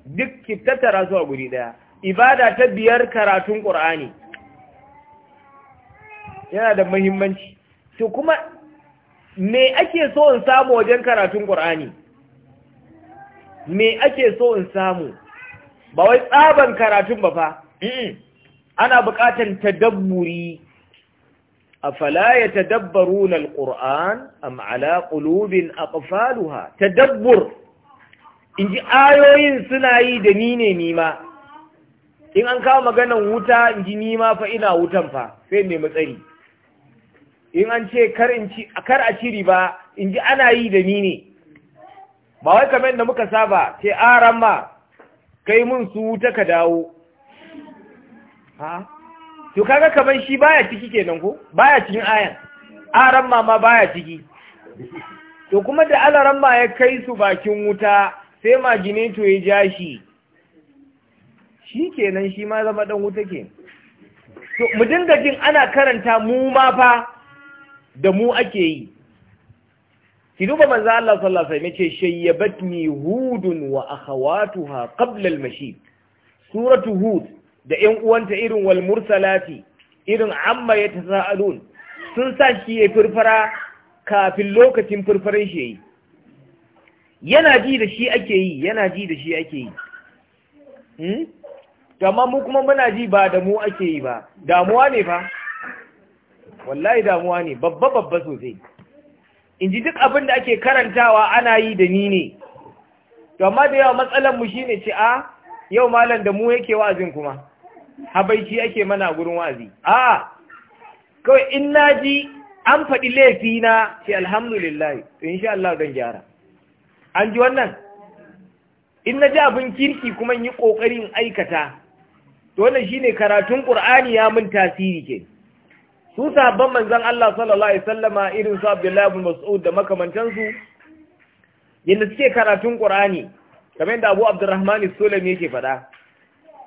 duk ki tattara su a guri daya ibada ta biyar karatun qur'ani yana da muhimmanci to kuma me ake so in samu wajen karatun ƙur'ani me ake so in samu ba wai tsaban karatun ba fa ana buƙatar tadabburi afala yatadabbaruna alquran am ala qulubin aqfaluha tadabbur inji ayoyin suna yi da ni ne nima in an kawo maganan wuta inji nima fa ina wutan fa sai mai tsari. in an ce kar a ciri ba, in ji ana yi da ni ne ba wai kamar da muka saba ce a ma kai mun su ta ka dawo ha to kaga kamar shi baya ciki kenan ko baya cikin ayan a ramma ma baya ciki to kuma da ala ma ya kai su bakin wuta sai magine to ya ja shi shi kenan shi ma zama dan wuta ke to mu dinga jin ana karanta mu ma fa da mu ake yi ki duba manzo Allah sallallahu alaihi wasallam yace shayyabatni hudun wa akhawatuha qabla al-mashib suratu hud da 'yan uwanta irin wal mursalati irin amma yatasaalun sun sa shi yayi furfara kafin lokacin furfaran shi yayi yana ji da shi ake yi yana ji da shi ake yi hmm? mu kuma muna ji ba da mu ake yi ba damuwa ne fa wallahi damuwa ne babba babba sosai in ji duk abin da ake karantawa ana yi da ni ne to amma da yawa matsalar mu shine ce a yau malam da mu yake wa'azin kuma habaici ake mana gurin wa'azi a kawai in naji an faɗi laifi na ce alhamdulillah to insha Allah zan gyara an ji wannan in na ji abin kirki kuma in yi ƙoƙarin aikata to wannan shine karatun ƙur'ani ya mun tasiri ke su sahabban manzon Allah sallallahu alaihi wasallama irin su Abdullahi ibn Mas'ud da su yanda suke karatun Qur'ani kamar yadda Abu Abdurrahman Sulaimi yake faɗa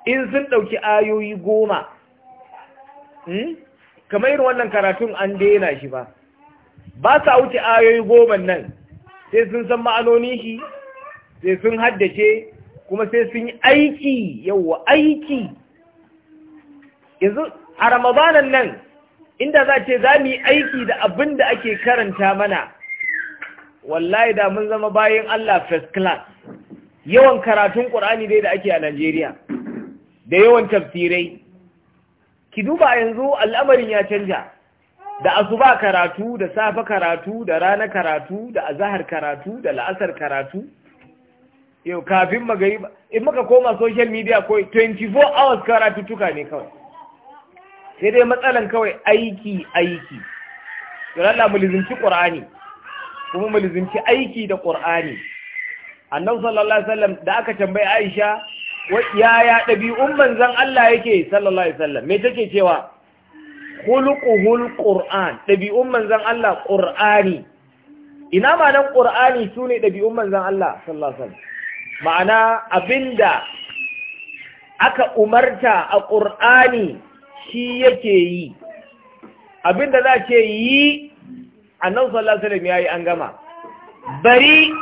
in sun dauki ayoyi goma hmm? kamar irin wannan karatun an daina shi ba ba sa wuce ayoyi goma nan sai sun san ma'anoni shi sai sun haddace kuma sai sun yi aiki yawa aiki yanzu a ramadanan nan inda za ce za mu yi aiki da abin da ake karanta mana wallahi da mun zama bayan Allah first class yawan karatun ƙur'ani dai da ake a Najeriya da yawan tafsirai ki duba yanzu al'amarin ya canja da asuba karatu da safa karatu da rana karatu da azahar karatu da la'asar karatu yau kafin magariba in muka koma social media ko 24 hours karatu tuka ne kawai sai dai matsalan kawai aiki aiki to Allah mu lizinci Qur'ani kuma mu lizinci aiki da Qur'ani annabi sallallahu alaihi wasallam da aka tambaye Aisha yaya ɗabi'un zan Allah yake sallallahu Alaihi wasallam me take cewa hulukuhul ƙur'an ɗabi'un zan Allah ƙur'ani ina nan ƙur'ani sune ne ɗabi'un zan Allah sallallahu Alaihi wasallam ma'ana abinda aka umarta a Qur'ani shi yake yi abinda za ce yi annan sallallahu alaihi ya yi an gama bari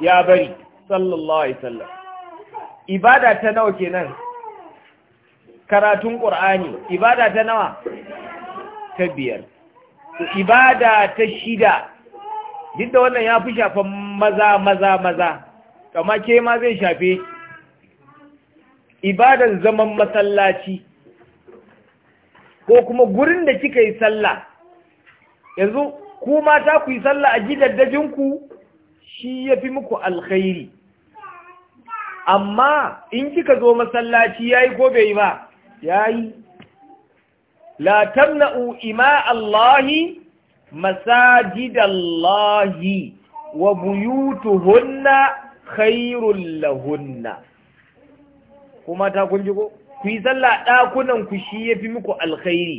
ya bari sallallahu alaihi wasallam ibada ta nawa kenan karatun ƙur'ani ibada ta nawa ta biyar ibada ta shida duk da wannan ya fi shafan maza maza maza kama ke ma zai shafe ibadan zaman masallaci ko kuma gurin da kika yi sallah yanzu ku mata ku yi sallah a gidaddajinku shi ya fi muku alkhairi amma in kika zo masallaci ya yi ko bai ba ya yi la tamna'u ima Allahi masajidallahi wa buyutuhunna khairul lahunna kuma ta kun ji ko ku yi sallah ɗakunan ku shi ya fi muku alkhairi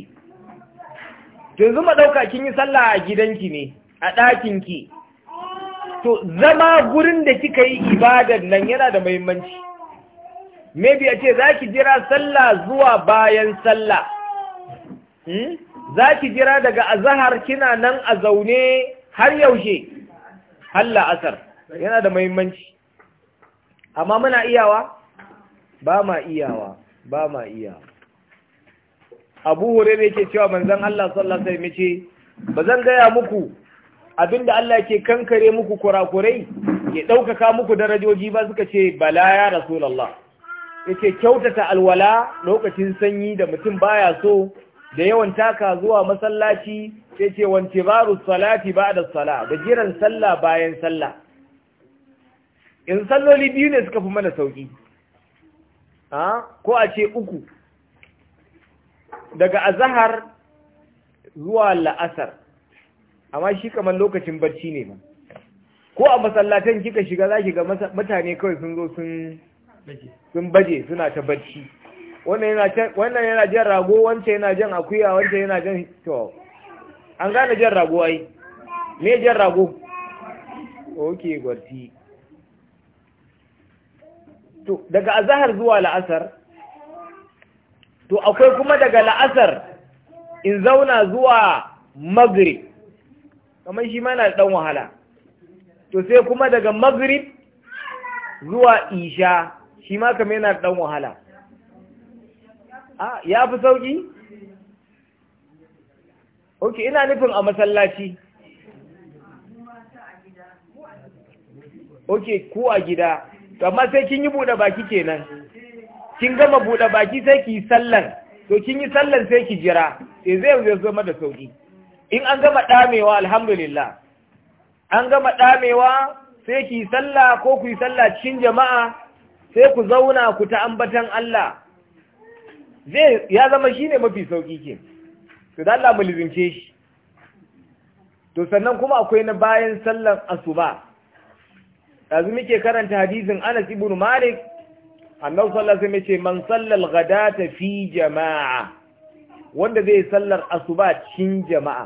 yanzu ma ɗauka kin yi sallah a gidanki ne a ɗakinki to zama gurin da kika yi ibadar nan yana da muhimmanci maybe a ce za ki jira sallah zuwa bayan sallah hmm? za ki jira daga azahar kina nan a zaune har yaushe halla asar yana da muhimmanci amma muna iyawa ba ma iyawa ba ma iya abu ne yake cewa manzon Allah sallallahu alaihi wasallam ce ba zan gaya muku abinda Allah yake kankare muku kurakurai ya ɗaukaka muku darajoji ba suka ce bala ya rasulullah ce kyautata alwala lokacin sanyi da mutum baya so da yawan taka zuwa masallaci ce wanti baru salati ba da sala da jiran sallah bayan sallah in salloli biyu ne suka fi mana sauki ko a ce uku daga azahar zuwa la'asar amma shi kamar lokacin barci ne ba ko a masallatan kika shiga za ki ga mutane kawai sun zo sun baje suna ta barci wannan yana jan rago wancan yana jan akuya wancan yana jan to an gane jan rago ai me jan rago ok gwarti to daga azahar zuwa la'asar to akwai kuma daga la'asar in zauna zuwa magrib kamar shi ma da dan wahala to sai kuma daga magrib zuwa isha shi ma kamar yana dan wahala a ya fi sauki Okay, ina nufin a masallaci Okay, ko a gida to amma sai kin yi buɗe baki kenan kin gama buɗe baki sai ki yi sallan to kin yi sallan sai ki jira sai eh, zai zai zama da sauki in an gama ɗamewa alhamdulillah an gama ɗamewa sai ki yi ko ku yi sallah cikin jama'a sai ku zauna ku ta ambatan Allah zai ya zama shine mafi sauki ke to dan Allah mu shi to sannan kuma akwai na bayan sallan asuba yanzu muke karanta hadisin Anas ibn Malik annabi sallallahu alaihi wasallam ce man sallal ghadata fi jama'a wanda zai sallar asuba cikin jama'a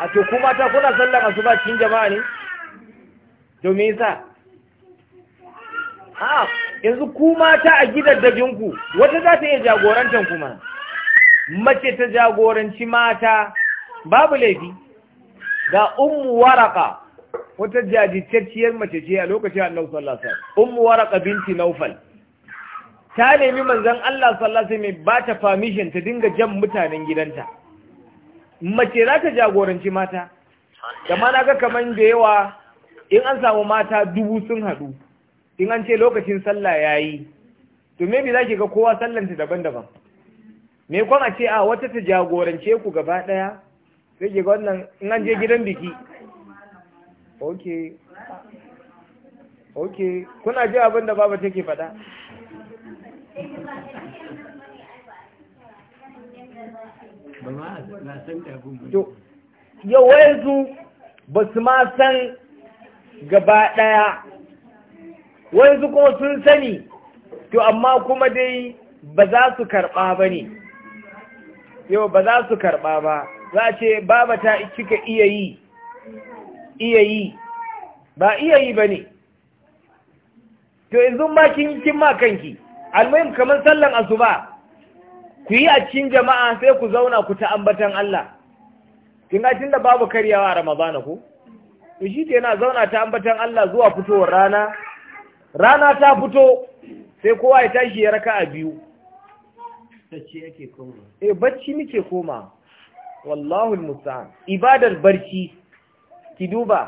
a to kuma ta kuna sallar asuba cikin jama'a ne to me yasa ha yanzu kuma ta a dabinku. wata za ta iya jagorantan kuma mace ta jagoranci mata babu laifi ga ummu waraka wata jajirtacciyar mace ce a lokacin annabi sallallahu alaihi wasallam ummu waraka binti naufal ta nemi manzon Allah sallallahu alaihi wasallam ba ta permission ta dinga jan mutanen gidanta mace za ta jagoranci mata kama na ga kaman da yawa in an samu mata dubu sun hadu. in an ce lokacin sallah yayi to me za ki ga kowa sallanta daban-daban me kuma ce a wata ta jagorance ku gaba ɗaya sai ga wannan in an je gidan biki ok ok kuna ji abin da baba take faɗa yau wayansu ba su ma san gaba ɗaya wayansu kuma sun sani to amma kuma dai ba za su karɓa ba ne yau ba za su karɓa ba za a ce baba ta cika iya yi iya yi ba iya yi ba ne to yanzu ma kin ma kanki almuhim kamar sallan asuba ku yi a cikin jama'a sai ku zauna ku ta ambatan Allah kin ga tunda babu karyawa a ramadana ko to shi na zauna ta ambatan Allah zuwa fitowar rana rana ta fito sai kowa ya tashi ya raka'a biyu bacci yake koma eh bacci nake koma wallahi musta'an ibadar barci ki duba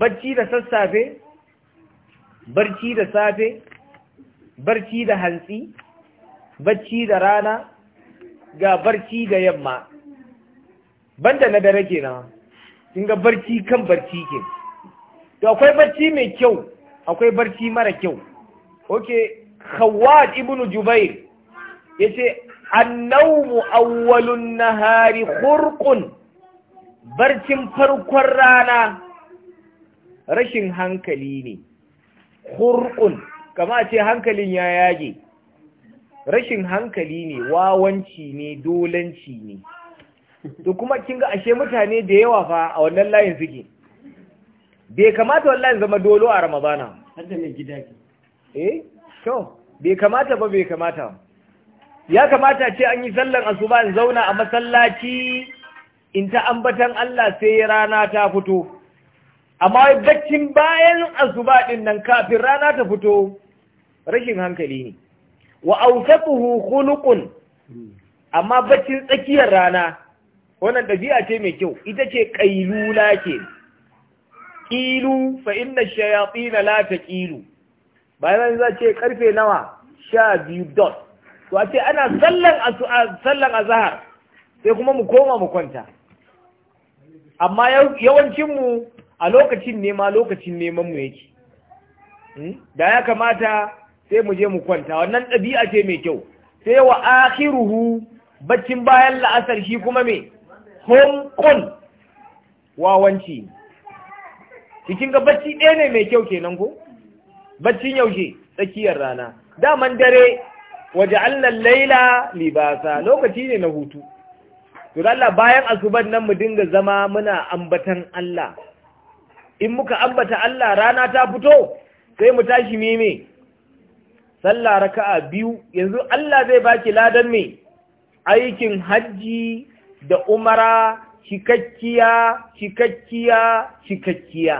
barci da sassafe barci da safe barci da hantsi barci da rana ga barci da yamma banda na dare kenan kin ga barci kan barci ke to akwai barci mai kyau akwai barci mara kyau oke khawwat ibnu jubair yace an-nawmu awwalun nahari khurqun barcin farkon rana rashin hankali ne hur'un kama ce hankalin ya yage rashin hankali ne wawanci ne dolanci ne to kuma kin ga ashe mutane da yawa fa a wannan layin suke bai kamata wallahi zama dolo a Ramazana. hadda mai gida eh to bai kamata ba bai kamata ya kamata ce an yi sallan asuba in zauna a masallaci in ta ambatan Allah sai rana ta fito amma baccin bayan azuba ɗin nan kafin rana ta fito rashin hankali ne wa awsatuhu hulukun. amma baccin tsakiyar rana wannan ɗabi'a ce mai kyau ita ce qailula ke Ƙilu fa inna na lata ƙilu. bayan za ce ƙarfe nawa sha biyu dot to a ce ana sallan azahar sai kuma mu koma mu kwanta amma yawancinmu a lokacin nema lokacin neman mu yake hmm? da ya kamata sai mu je mu kwanta wannan ɗabi'a ce mai kyau sai wa akhiruhu baccin bayan la'asar shi kuma me honkon wawanci cikin ga bacci ɗaya ne mai kyau kenan ko baccin yaushe tsakiyar rana daman dare waje allan laila libasa lokaci ne na hutu to Allah bayan asuban nan mu dinga zama muna ambatan Allah in muka ambata Allah rana ta fito sai mu tashi meme sallah raka'a biyu yanzu Allah zai baki ladan me aikin hajji da umara cikakkiya cikakkiya cikakkiya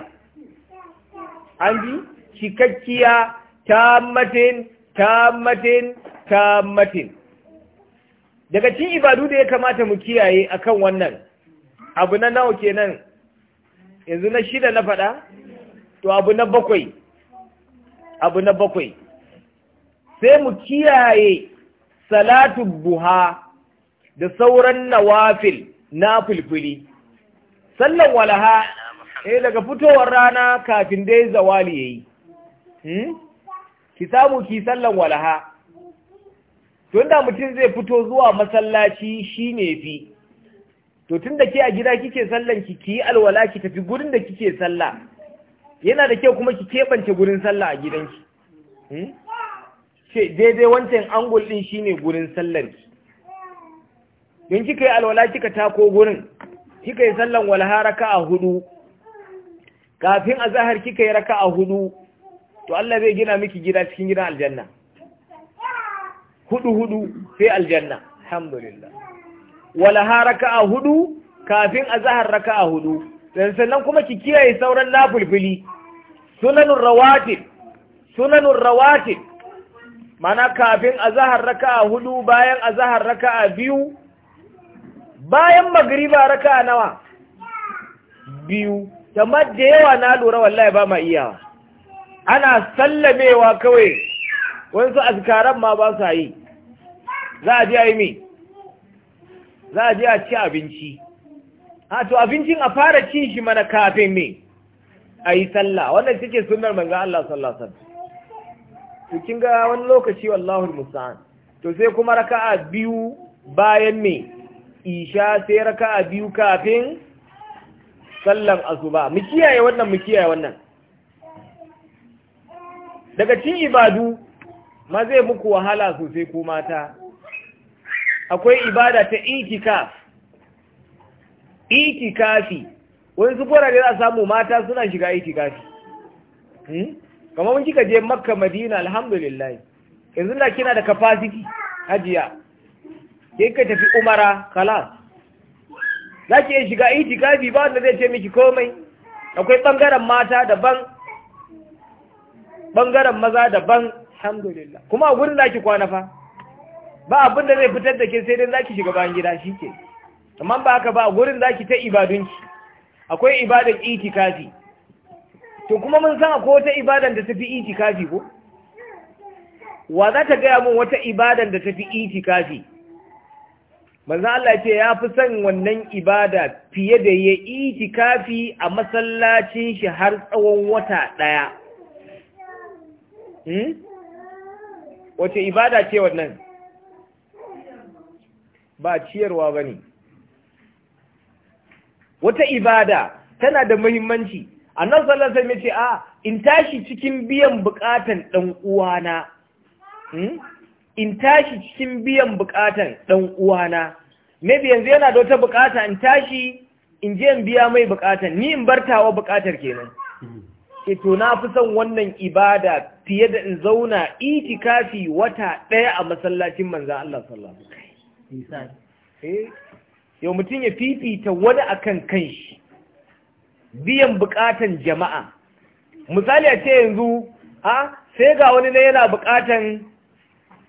an ji cikakkiya tammatin tammatin tammatin daga cin ibadu da ya kamata mu kiyaye akan wannan abu na nawa kenan yanzu na shida na faɗa to abu na bakwai abu na bakwai sai mu kiyaye salatu buha da sauran nawafil na fulfuli sallan walaha eh daga fitowar rana kafin dai zawali yayi hmm ki samu ki sallan walaha to inda mutum zai fito zuwa masallaci shine fi to tunda ke a gida kike sallan ki ki alwala ki tafi gurin da kike sallah yana da kyau kuma ki keɓance gurin sallah a gidanki ce hmm? daidai wancan angul ɗin shine gurin ki don kika yi alwala kika tako gurin kika yi sallan walha raka a hudu kafin a zahar kika yi raka a hudu to Allah zai gina miki gida cikin gidan aljanna hudu hudu sai aljanna alhamdulillah wala haraka raka'a hudu kafin azhar raka'a hudu dan sannan kuma ki kiyaye sauran nafilfili sunanur rawatib sunanur rawatib mana kafin azhar raka'a hudu bayan azhar raka'a biyu bayan magriba raka'a nawa biyu amma da yawa na lura wallahi ba ma iyawa ana sallamewa kawai wasu azkaran ma ba su yi za a je a yi me za a je a ci abinci a to abincin a fara cin shi mana kafin me a yi sallah wannan cike sunar manzan Allah sallallahu alaihi kin ga wani lokaci wallahu Musa'an, to sai kuma raka a biyu bayan mai isha sai raka a biyu kafin tsallan asuba mu kiyaye wannan mu kiyaye wannan daga cin ibadu ma zai muku wahala sosai ko mata akwai ibada ta itikaf itikafi wani su fara za a samu mata suna shiga itikafi hmm? kamar mun kika je makka madina alhamdulillah yanzu na kina da kafasiki hajiya ke ka tafi umara kala za ki iya shiga itikafi ba wanda zai ce miki komai akwai bangaren mata daban bangaren maza daban alhamdulillah kuma a gurin da ki kwana fa ba abin da zai fitar da ke sai dai zaki shiga bayan gida shi ke amma ba haka ba gurin zaki ta ibadunki akwai ibadan itikafi to kuma mun san akwai wata ibadan da tafi itikafi ko wa za ta gaya mun wata ibadan da tafi itikafi manzo Allah ce ya fi son wannan ibada fiye da ya itikafi a masallacin shi har tsawon wata daya hmm? wace ibada ce wannan ba ciyarwa ba ne wata ibada tana da muhimmanci annan sallar sai mace a in tashi cikin biyan bukatan ɗan uwana hmm? in tashi cikin biyan bukatan ɗan uwana yanzu yana da wata bukata in tashi in je in biya mai bukatan ni in bartawa bukatar kenan ke to na fi son wannan ibada fiye da in zauna itikafi wata ɗaya a masallacin manzan Allah sallallahu Eh, yau mutum ya fifita wani akan kanshi biyan bukatan jama'a misali a ce yanzu ha sai ga wani na yana bukatan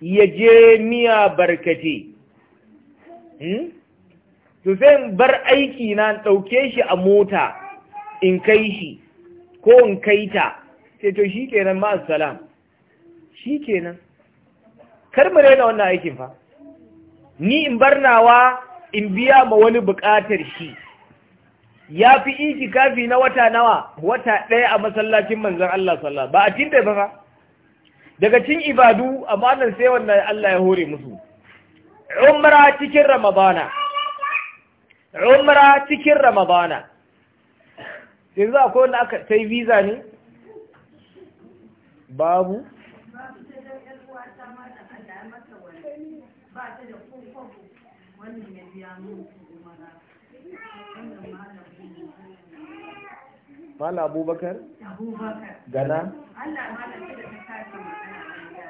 ya je miya barkate hmm? to sai bar aiki na ɗauke shi a mota in kai shi ko in kai ta sai to shi kenan ma'asalam shi kenan kar mu wannan aikin fa ni in barnawa in biya ma wani buƙatar shi ya fi kafi na wata nawa wata ɗaya a masallacin manzan Allah sallallahu ba a cin da ba daga cin ibadu a nan sai wannan Allah ya hore musu umra cikin ramadana umra cikin ramadana yanzu akwai wanda aka sai visa ne babu ba ta da wannan ya biya mun umara Mala Abubakar? Abubakar. Gana? Allah malam da ta tashi magana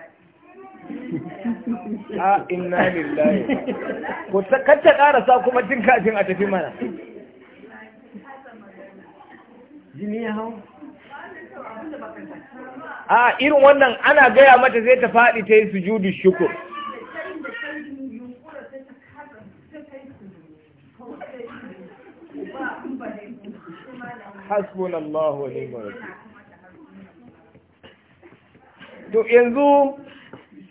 A ah, inna lillahi. Ko kacce karasa kuma jin kafin a tafi mana. Jini ya hau? A ah, irin wannan ana gaya mata zai ta faɗi ta yi sujudu shukur. hasbunallahu wa ni'mal to yanzu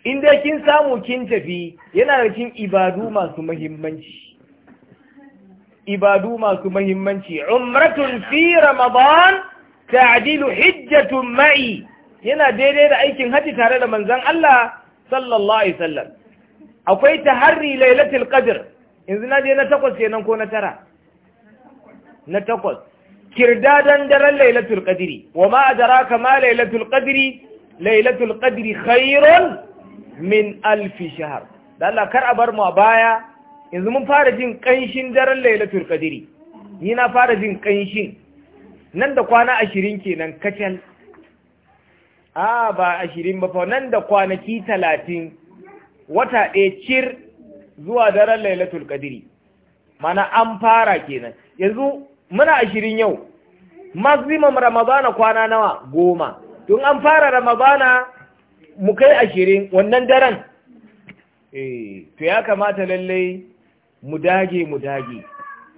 in dai kin samu kin tafi yana da kin ibadu masu muhimmanci ibadu masu muhimmanci umratun fi ramadan ta'dilu hijjatun ma'i yana daidai da aikin haji tare da manzon Allah sallallahu alaihi wasallam akwai taharri lailatul qadr yanzu na je na takwas kenan ko na tara na takwas kirdadan daren lailatul qadri wa ma adraka ma lailatul qadri lailatul qadri khairun min alf shahr da Allah kar a bar mu a baya yanzu mun fara jin kanshin daren lailatul qadri ni na fara jin kanshin nan da kwana 20 kenan kacal a ba 20 ba fa nan da kwanaki 30 wata ɗaya cir zuwa daren lailatul qadri mana an fara kenan yanzu muna ashirin yau maximum ramadana kwana nawa goma tun an fara ramadana mu kai ashirin wannan daren eh to ya kamata lallai mu dage mu dage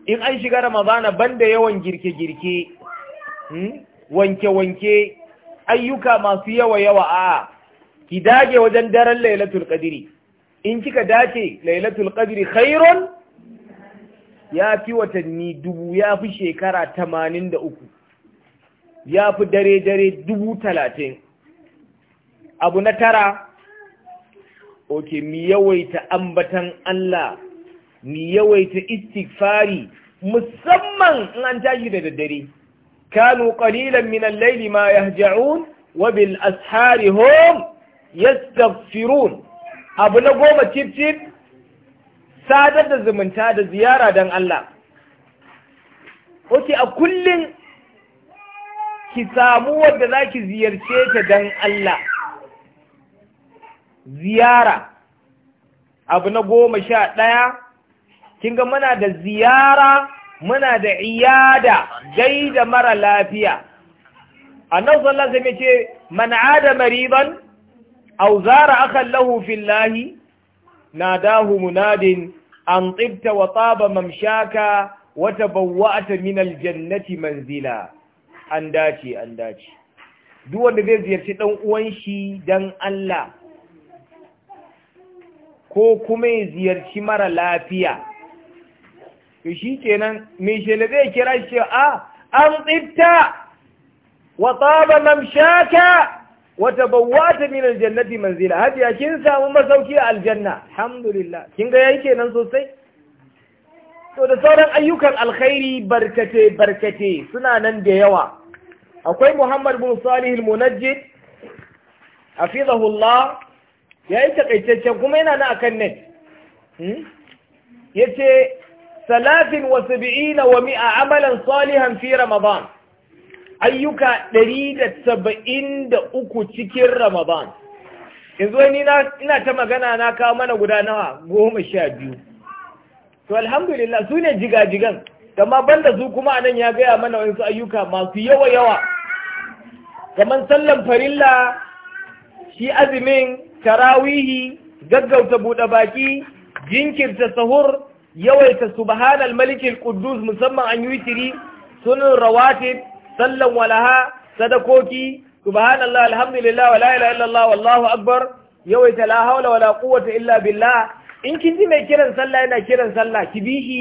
in an shiga ramadana banda yawan girke-girke hmm, wanke-wanke ayyuka masu yawa-yawa a ki dage wajen daren lailatul qadri in kika dace lailatul qadri khairun ya fi watanni dubu ya fi shekara tamanin da uku ya fi dare-dare dubu talatin abu na tara ok mi yawaita ambatan Allah mi yawaita istighfari musamman in an tashi da daddare kanu qalilan min al-layli ma yahja'un wa bil ashari hum yastaghfirun abu na goma cip cip sadar da zumunta da ziyara don Allah oke a kullum ki samu wadda za ki ziyarce ta don Allah ziyara abu na goma sha ɗaya kin ga muna da ziyara muna da iyada gaida mara lafiya A sallallahu alaihi wasallam ce man mariban auzara akan lahu nadahu munadin an tibta wa taba wata wa tabawwa'ta min aljannati manzila an dace duk wanda zai ziyarci dan uwan shi dan Allah ko kuma ya ziyarci mara lafiya to kenan me shele zai kira shi a an tibta wa taba mamshaka wata bawwata min aljannati manzila ya kin samu masauki a aljanna alhamdulillah kin ga yayi kenan sosai to da sauran ayyukan alkhairi barkate barkate suna nan da yawa akwai Muhammad bin Salih al-Munajjid hafizahullah yayi takaitaccen kuma yana nan akan net yace salatin wa sab'ina mi'a amalan salihan fi ramadan ayyuka ɗari da saba'in da uku cikin ramadan yanzu wani ina ta magana na kawo mana guda nawa goma sha biyu to alhamdulillah su ne jigajigan ban banda su kuma anan ya gaya mana wasu ayyuka masu yawa-yawa kaman sallan farilla shi azumin tarawihi gaggauta buɗe baki jinkirta sahur yawaita subhanal malikin ƙuddus, musamman an yi witiri sunan rawatib sallan walaha sadakoki subhanallah alhamdulillah wala ilaha illallah wallahu akbar yawaita la haula wala quwwata illa billah in kin ji mai kiran sallah yana kiran sallah ki bihi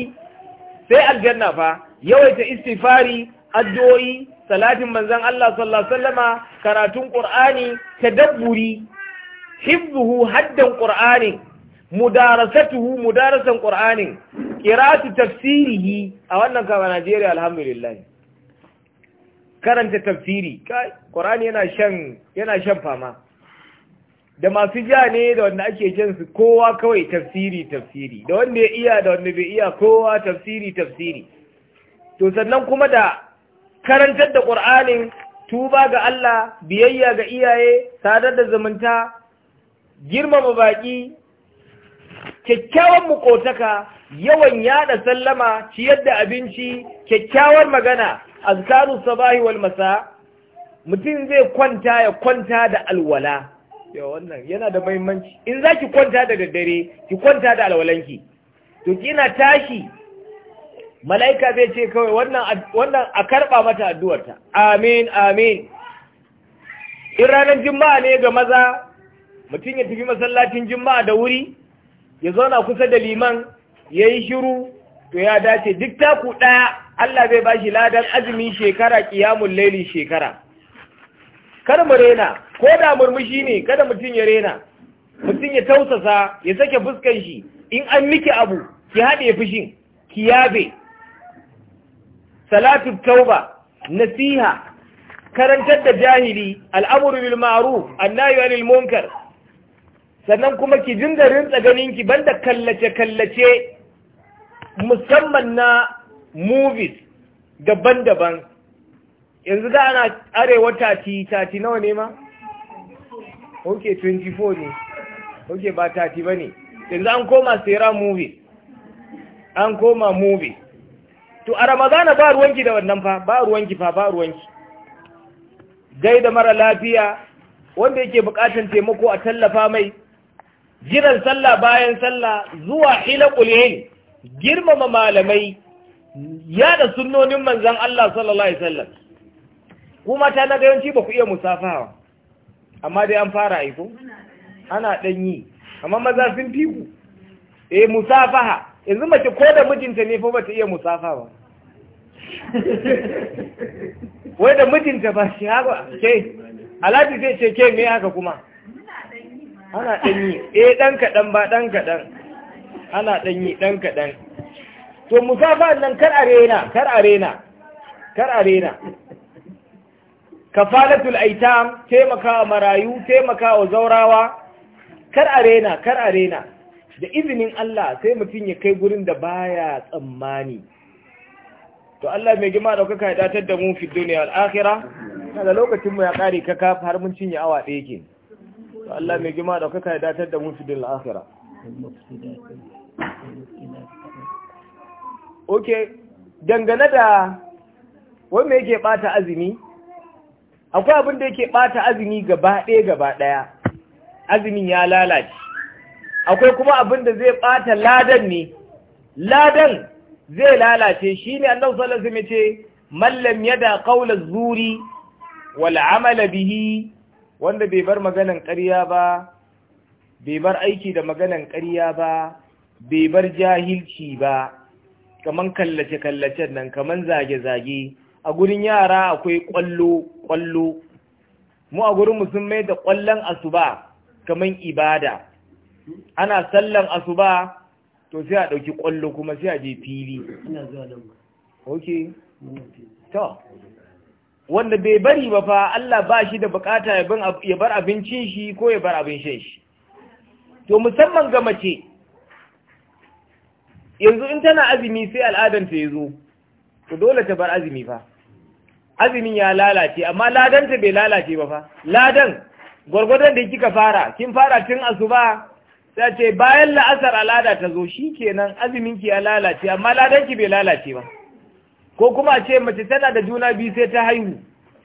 sai aljanna fa yawaita istighfari addu'o'i salatin manzon Allah sallallahu alaihi wasallama karatun qur'ani tadabburi hibbuhu haddan qur'ani mudarasatuhu mudarasan qur'ani qira'atu tafsirihi a wannan kama Najeriya alhamdulillah karanta tafsiri ƙorani yana shan fama da masu ja ne da wanda ake jan su kowa kawai tafsiri tafsiri da wanda ya iya da wanda bai iya kowa tafsiri tafsiri to sannan kuma da karantar da ƙur'anin tuba ga Allah biyayya ga iyaye sadar da zumunta girmama baƙi kyakkyawan mukotaka yawan yada sallama ciyar da abinci kyakkyawar magana azkaru sabahi wal masa mutum zai kwanta ya kwanta da alwala wannan yana da mahimmanci, in za ki kwanta da daddare ki kwanta da alwalanki to kina tashi mala'ika zai ce kawai wannan a karɓa mata addu'arta amin amin in ranar juma'a ne ga maza mutum ya tafi masallacin juma'a da wuri ya zauna kusa da liman ya yi shiru to ya dace duk taku ɗaya Allah zai bashi ladan azumi shekara ƙiyamun laili shekara kar mu rena ko da murmushi ne kada mutum ya rena mutum ya tausasa ya sake fuskan shi in an miki abu ki haɗe fushin ki yabe salatu tauba nasiha karantar da jahili al'amuru bil ma'ruf annahyu anil munkar sannan kuma ki dinga rinsa ganinki banda kallace kallace musamman na movies daban-daban yanzu da ana arewa Tati. Tati nawa ne ma ok 24 ne ok ba Tati ba ne yanzu an koma sera movie an koma movie to a ramadana ba ruwanki da wannan fa ba ruwanki fa ba ruwanki dai da mara lafiya wanda yake bukatan taimako a tallafa mai jiran sallah bayan sallah zuwa ila kulhin girmama malamai yada sunnonin manzan Allah sallallahu alaihi wasallam kuma ta na gayanci ba ku iya musafawa. amma dai an fara aiko ana dan yi amma maza sun fi ku eh musafaha yanzu mace ko da mijinta ne fa bata iya musafawa. wai da mijinta ba shi haka ke alhaji zai ce ke me haka kuma ana dan yi eh dan kaɗan ba dan kaɗan. ana dan yi dan kaɗan. to musafa nan kar arena kar arena kar arena kafalatul aitam taimakawa marayu taimakawa zaurawa kar arena kar arena da izinin Allah sai mutum ya kai gurin da baya tsammani to Allah mai gima daukaka ya datar da mu fi duniya al'akhira Kada lokacin mu ya kare ka ka har mun cinye awa ɗaya ke to Allah mai gima daukaka ya datar da mu fi duniya al'akhira ok dangane da wanda yake bata azumi akwai abin da yake bata azumi gaba ɗaya gaba ɗaya azumin ya lalace akwai kuma abin da zai ɓata ladan ne ladan zai lalace shine ne sallallahu alaihi wasallam ce mallam yada qawla zuri wal amala bihi wanda bai bar maganan ƙarya ba bai bar aiki da maganan ƙarya ba bai bar jahilci ba kaman kallace-kallacen nan kaman zage-zage a gurin yara akwai kwallo-kwallo mu a gurin musulmai da kwallon asuba kaman ibada ana sallan asuba to sai a ɗauki kwallo kuma sai a je fili ok to wanda bai bari ba fa Allah ba shi da bukata ya bar abincin shi ko ya bar abincin shi to musamman ga mace yanzu in tana azumi sai al'adanta ya zo to dole ta bar azumi fa azumin ya lalace amma ladanta bai lalace ba fa ladan gwargwadon da kika fara kin fara tun asuba sai ce bayan la'asar al'ada ta zo shi kenan, ki ya lalace amma ladan bai lalace ba ko kuma ce mace tana da juna biyu sai ta haihu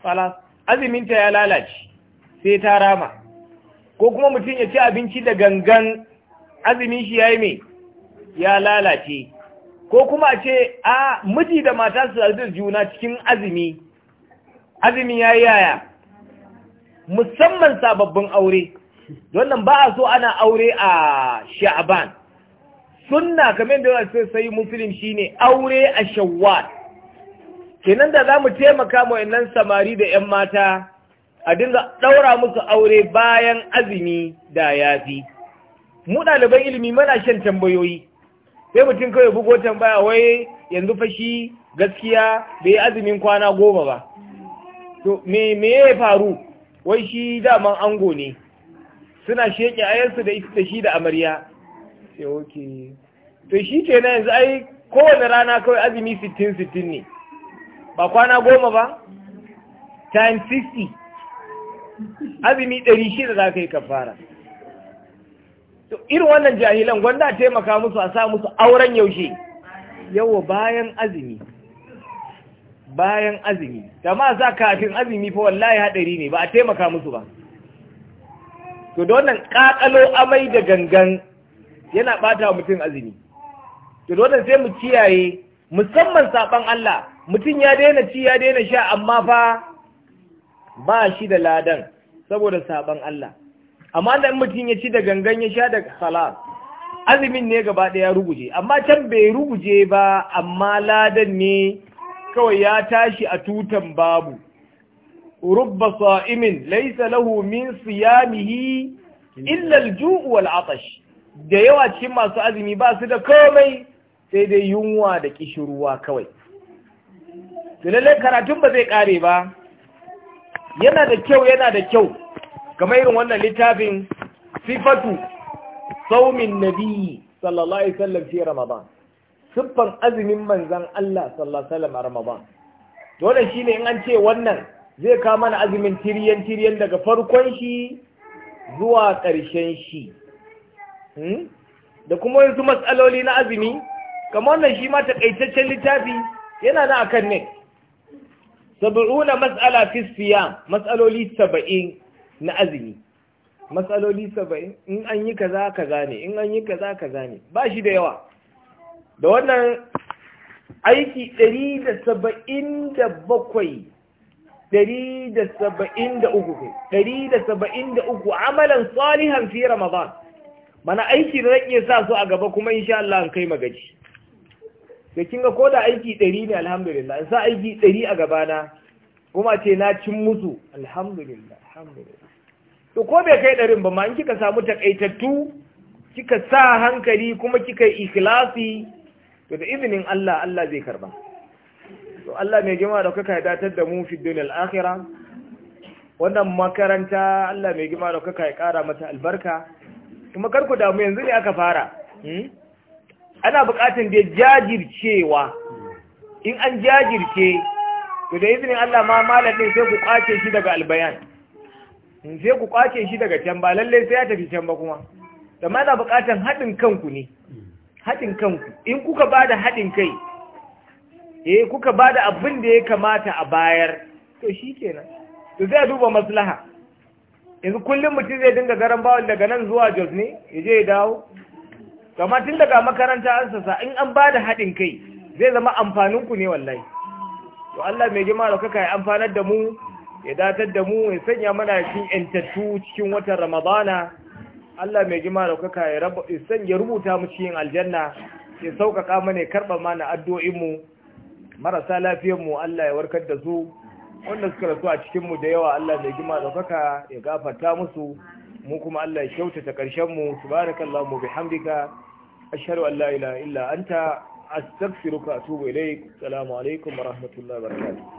fala ya lalace sai ta rama ko kuma mutum ya ci abinci da gangan azumin shi yayi mai ya lalace ko kuma a ce a miji da mata su da juna cikin azumi azumi ya yi yaya musamman sababbin aure wannan ba a so ana aure a sha'aban sunna kamar da wasu sai musulun ne aure a shawwal kenan da za mu taimaka ma wayannan samari da 'yan mata a dinga ɗaura musu aure bayan azumi da yafi mu ɗaliban ilimi mana shan tambayoyi sai mutum kawai bugo tambaya wai yanzu fa shi gaskiya bai azumin kwana goma ba to me me ya faru wai shi daman ango ne suna sheke ayansu da ita shi da amarya sai oke to shi na yanzu ai kowane rana kawai azumi 60 60 ne ba kwana goma ba time 60 azumi shida za ka yi kafara to irin wannan jahilan gwanda a taimaka musu a sa musu auren yaushe yawa bayan azumi bayan azumi kama sa kafin azumi fa wallahi hadari ne ba a taimaka musu ba to da wannan kakalo amai da gangan yana bata mutum azumi to da wannan sai mu kiyaye musamman saban Allah mutum ya daina ci ya daina sha amma fa ba shi da ladan saboda saban Allah amma dan mutum ya ci da gangan ya sha da salat azumin ne gaba ɗaya ya ruguje amma can bai ruguje ba amma ladan ne kawai ya tashi a tutan babu rubba sa'imin laisa lahu min siyamihi illa al-ju' wal da yawa cikin masu azumi ba su da komai sai dai yunwa da kishiruwa kawai to karatun ba zai kare ba yana da kyau yana da kyau kamar irin wannan littafin sifatu saumin nabi sallallahu alaihi wasallam fi ramadan siffan azumin manzan Allah sallallahu alaihi wasallam a ramadan dole shine in an ce wannan zai kawo mana azumin tiriyan tiriyan daga farkon shi zuwa ƙarshen shi hmm? da kuma yanzu matsaloli na azumi kamar wannan shi ma takaitaccen littafi yana na akan ne sab'una mas'ala fi siyam mas'aloli saba'in na azumi matsaloli saba'in in an yi kaza kaza ne in an yi kaza kaza ne ba shi da yawa da wannan aiki ɗari da saba'in da bakwai ɗari da saba'in da uku ɗari da saba'in da uku amalan salihan fi ramadan mana aiki da zan iya sa su a gaba kuma insha Allah an kai magaji da kin ga da aiki ɗari ne alhamdulillah in sa aiki ɗari a gabana kuma ce na cin musu alhamdulillah alhamdulillah to ko bai kai ɗarin ba ma in kika samu takaitattu kika sa hankali kuma kika yi ikilasi to da izinin Allah Allah zai karba to Allah mai girma da kuka datar da mu fi duniyar akhira wannan makaranta Allah mai girma da kuka ya kara mata albarka kuma kar ku damu yanzu ne aka fara hmm? ana bukatun da jajircewa in an jajirce to da izinin Allah ma malamin sai ku kwace shi daga albayan sai ku kwace shi daga can ba lallai sai ya tafi can ba kuma amma za buƙatar haɗin kanku ne haɗin kanku in kuka ba da haɗin kai eh kuka ba da abin da ya kamata a bayar to shi kenan to zai duba maslaha yanzu kullum mutum zai dinga garan bawon daga nan zuwa jos ne ya je ya dawo kama tun daga makaranta an sasa in an ba da haɗin kai zai zama amfaninku ne wallahi to Allah mai girma da kuka yi amfanar da mu ya datar da mu ya sanya mana cikin yantattu cikin watan ramadana Allah mai jima da kuka ya sanya rubuta mu cikin aljanna ya sauƙaƙa mana ya karɓa mana addu'o'inmu marasa lafiyarmu Allah ya warkar da su wanda suka rasu a cikinmu da yawa Allah mai jima da kuka ya gafarta musu mu kuma Allah ya kyautata ƙarshenmu subhanakallahumma bihamdika ashhadu an la ilaha illa anta astaghfiruka wa atubu ilaik assalamu alaikum wa rahmatullahi wa barakatuh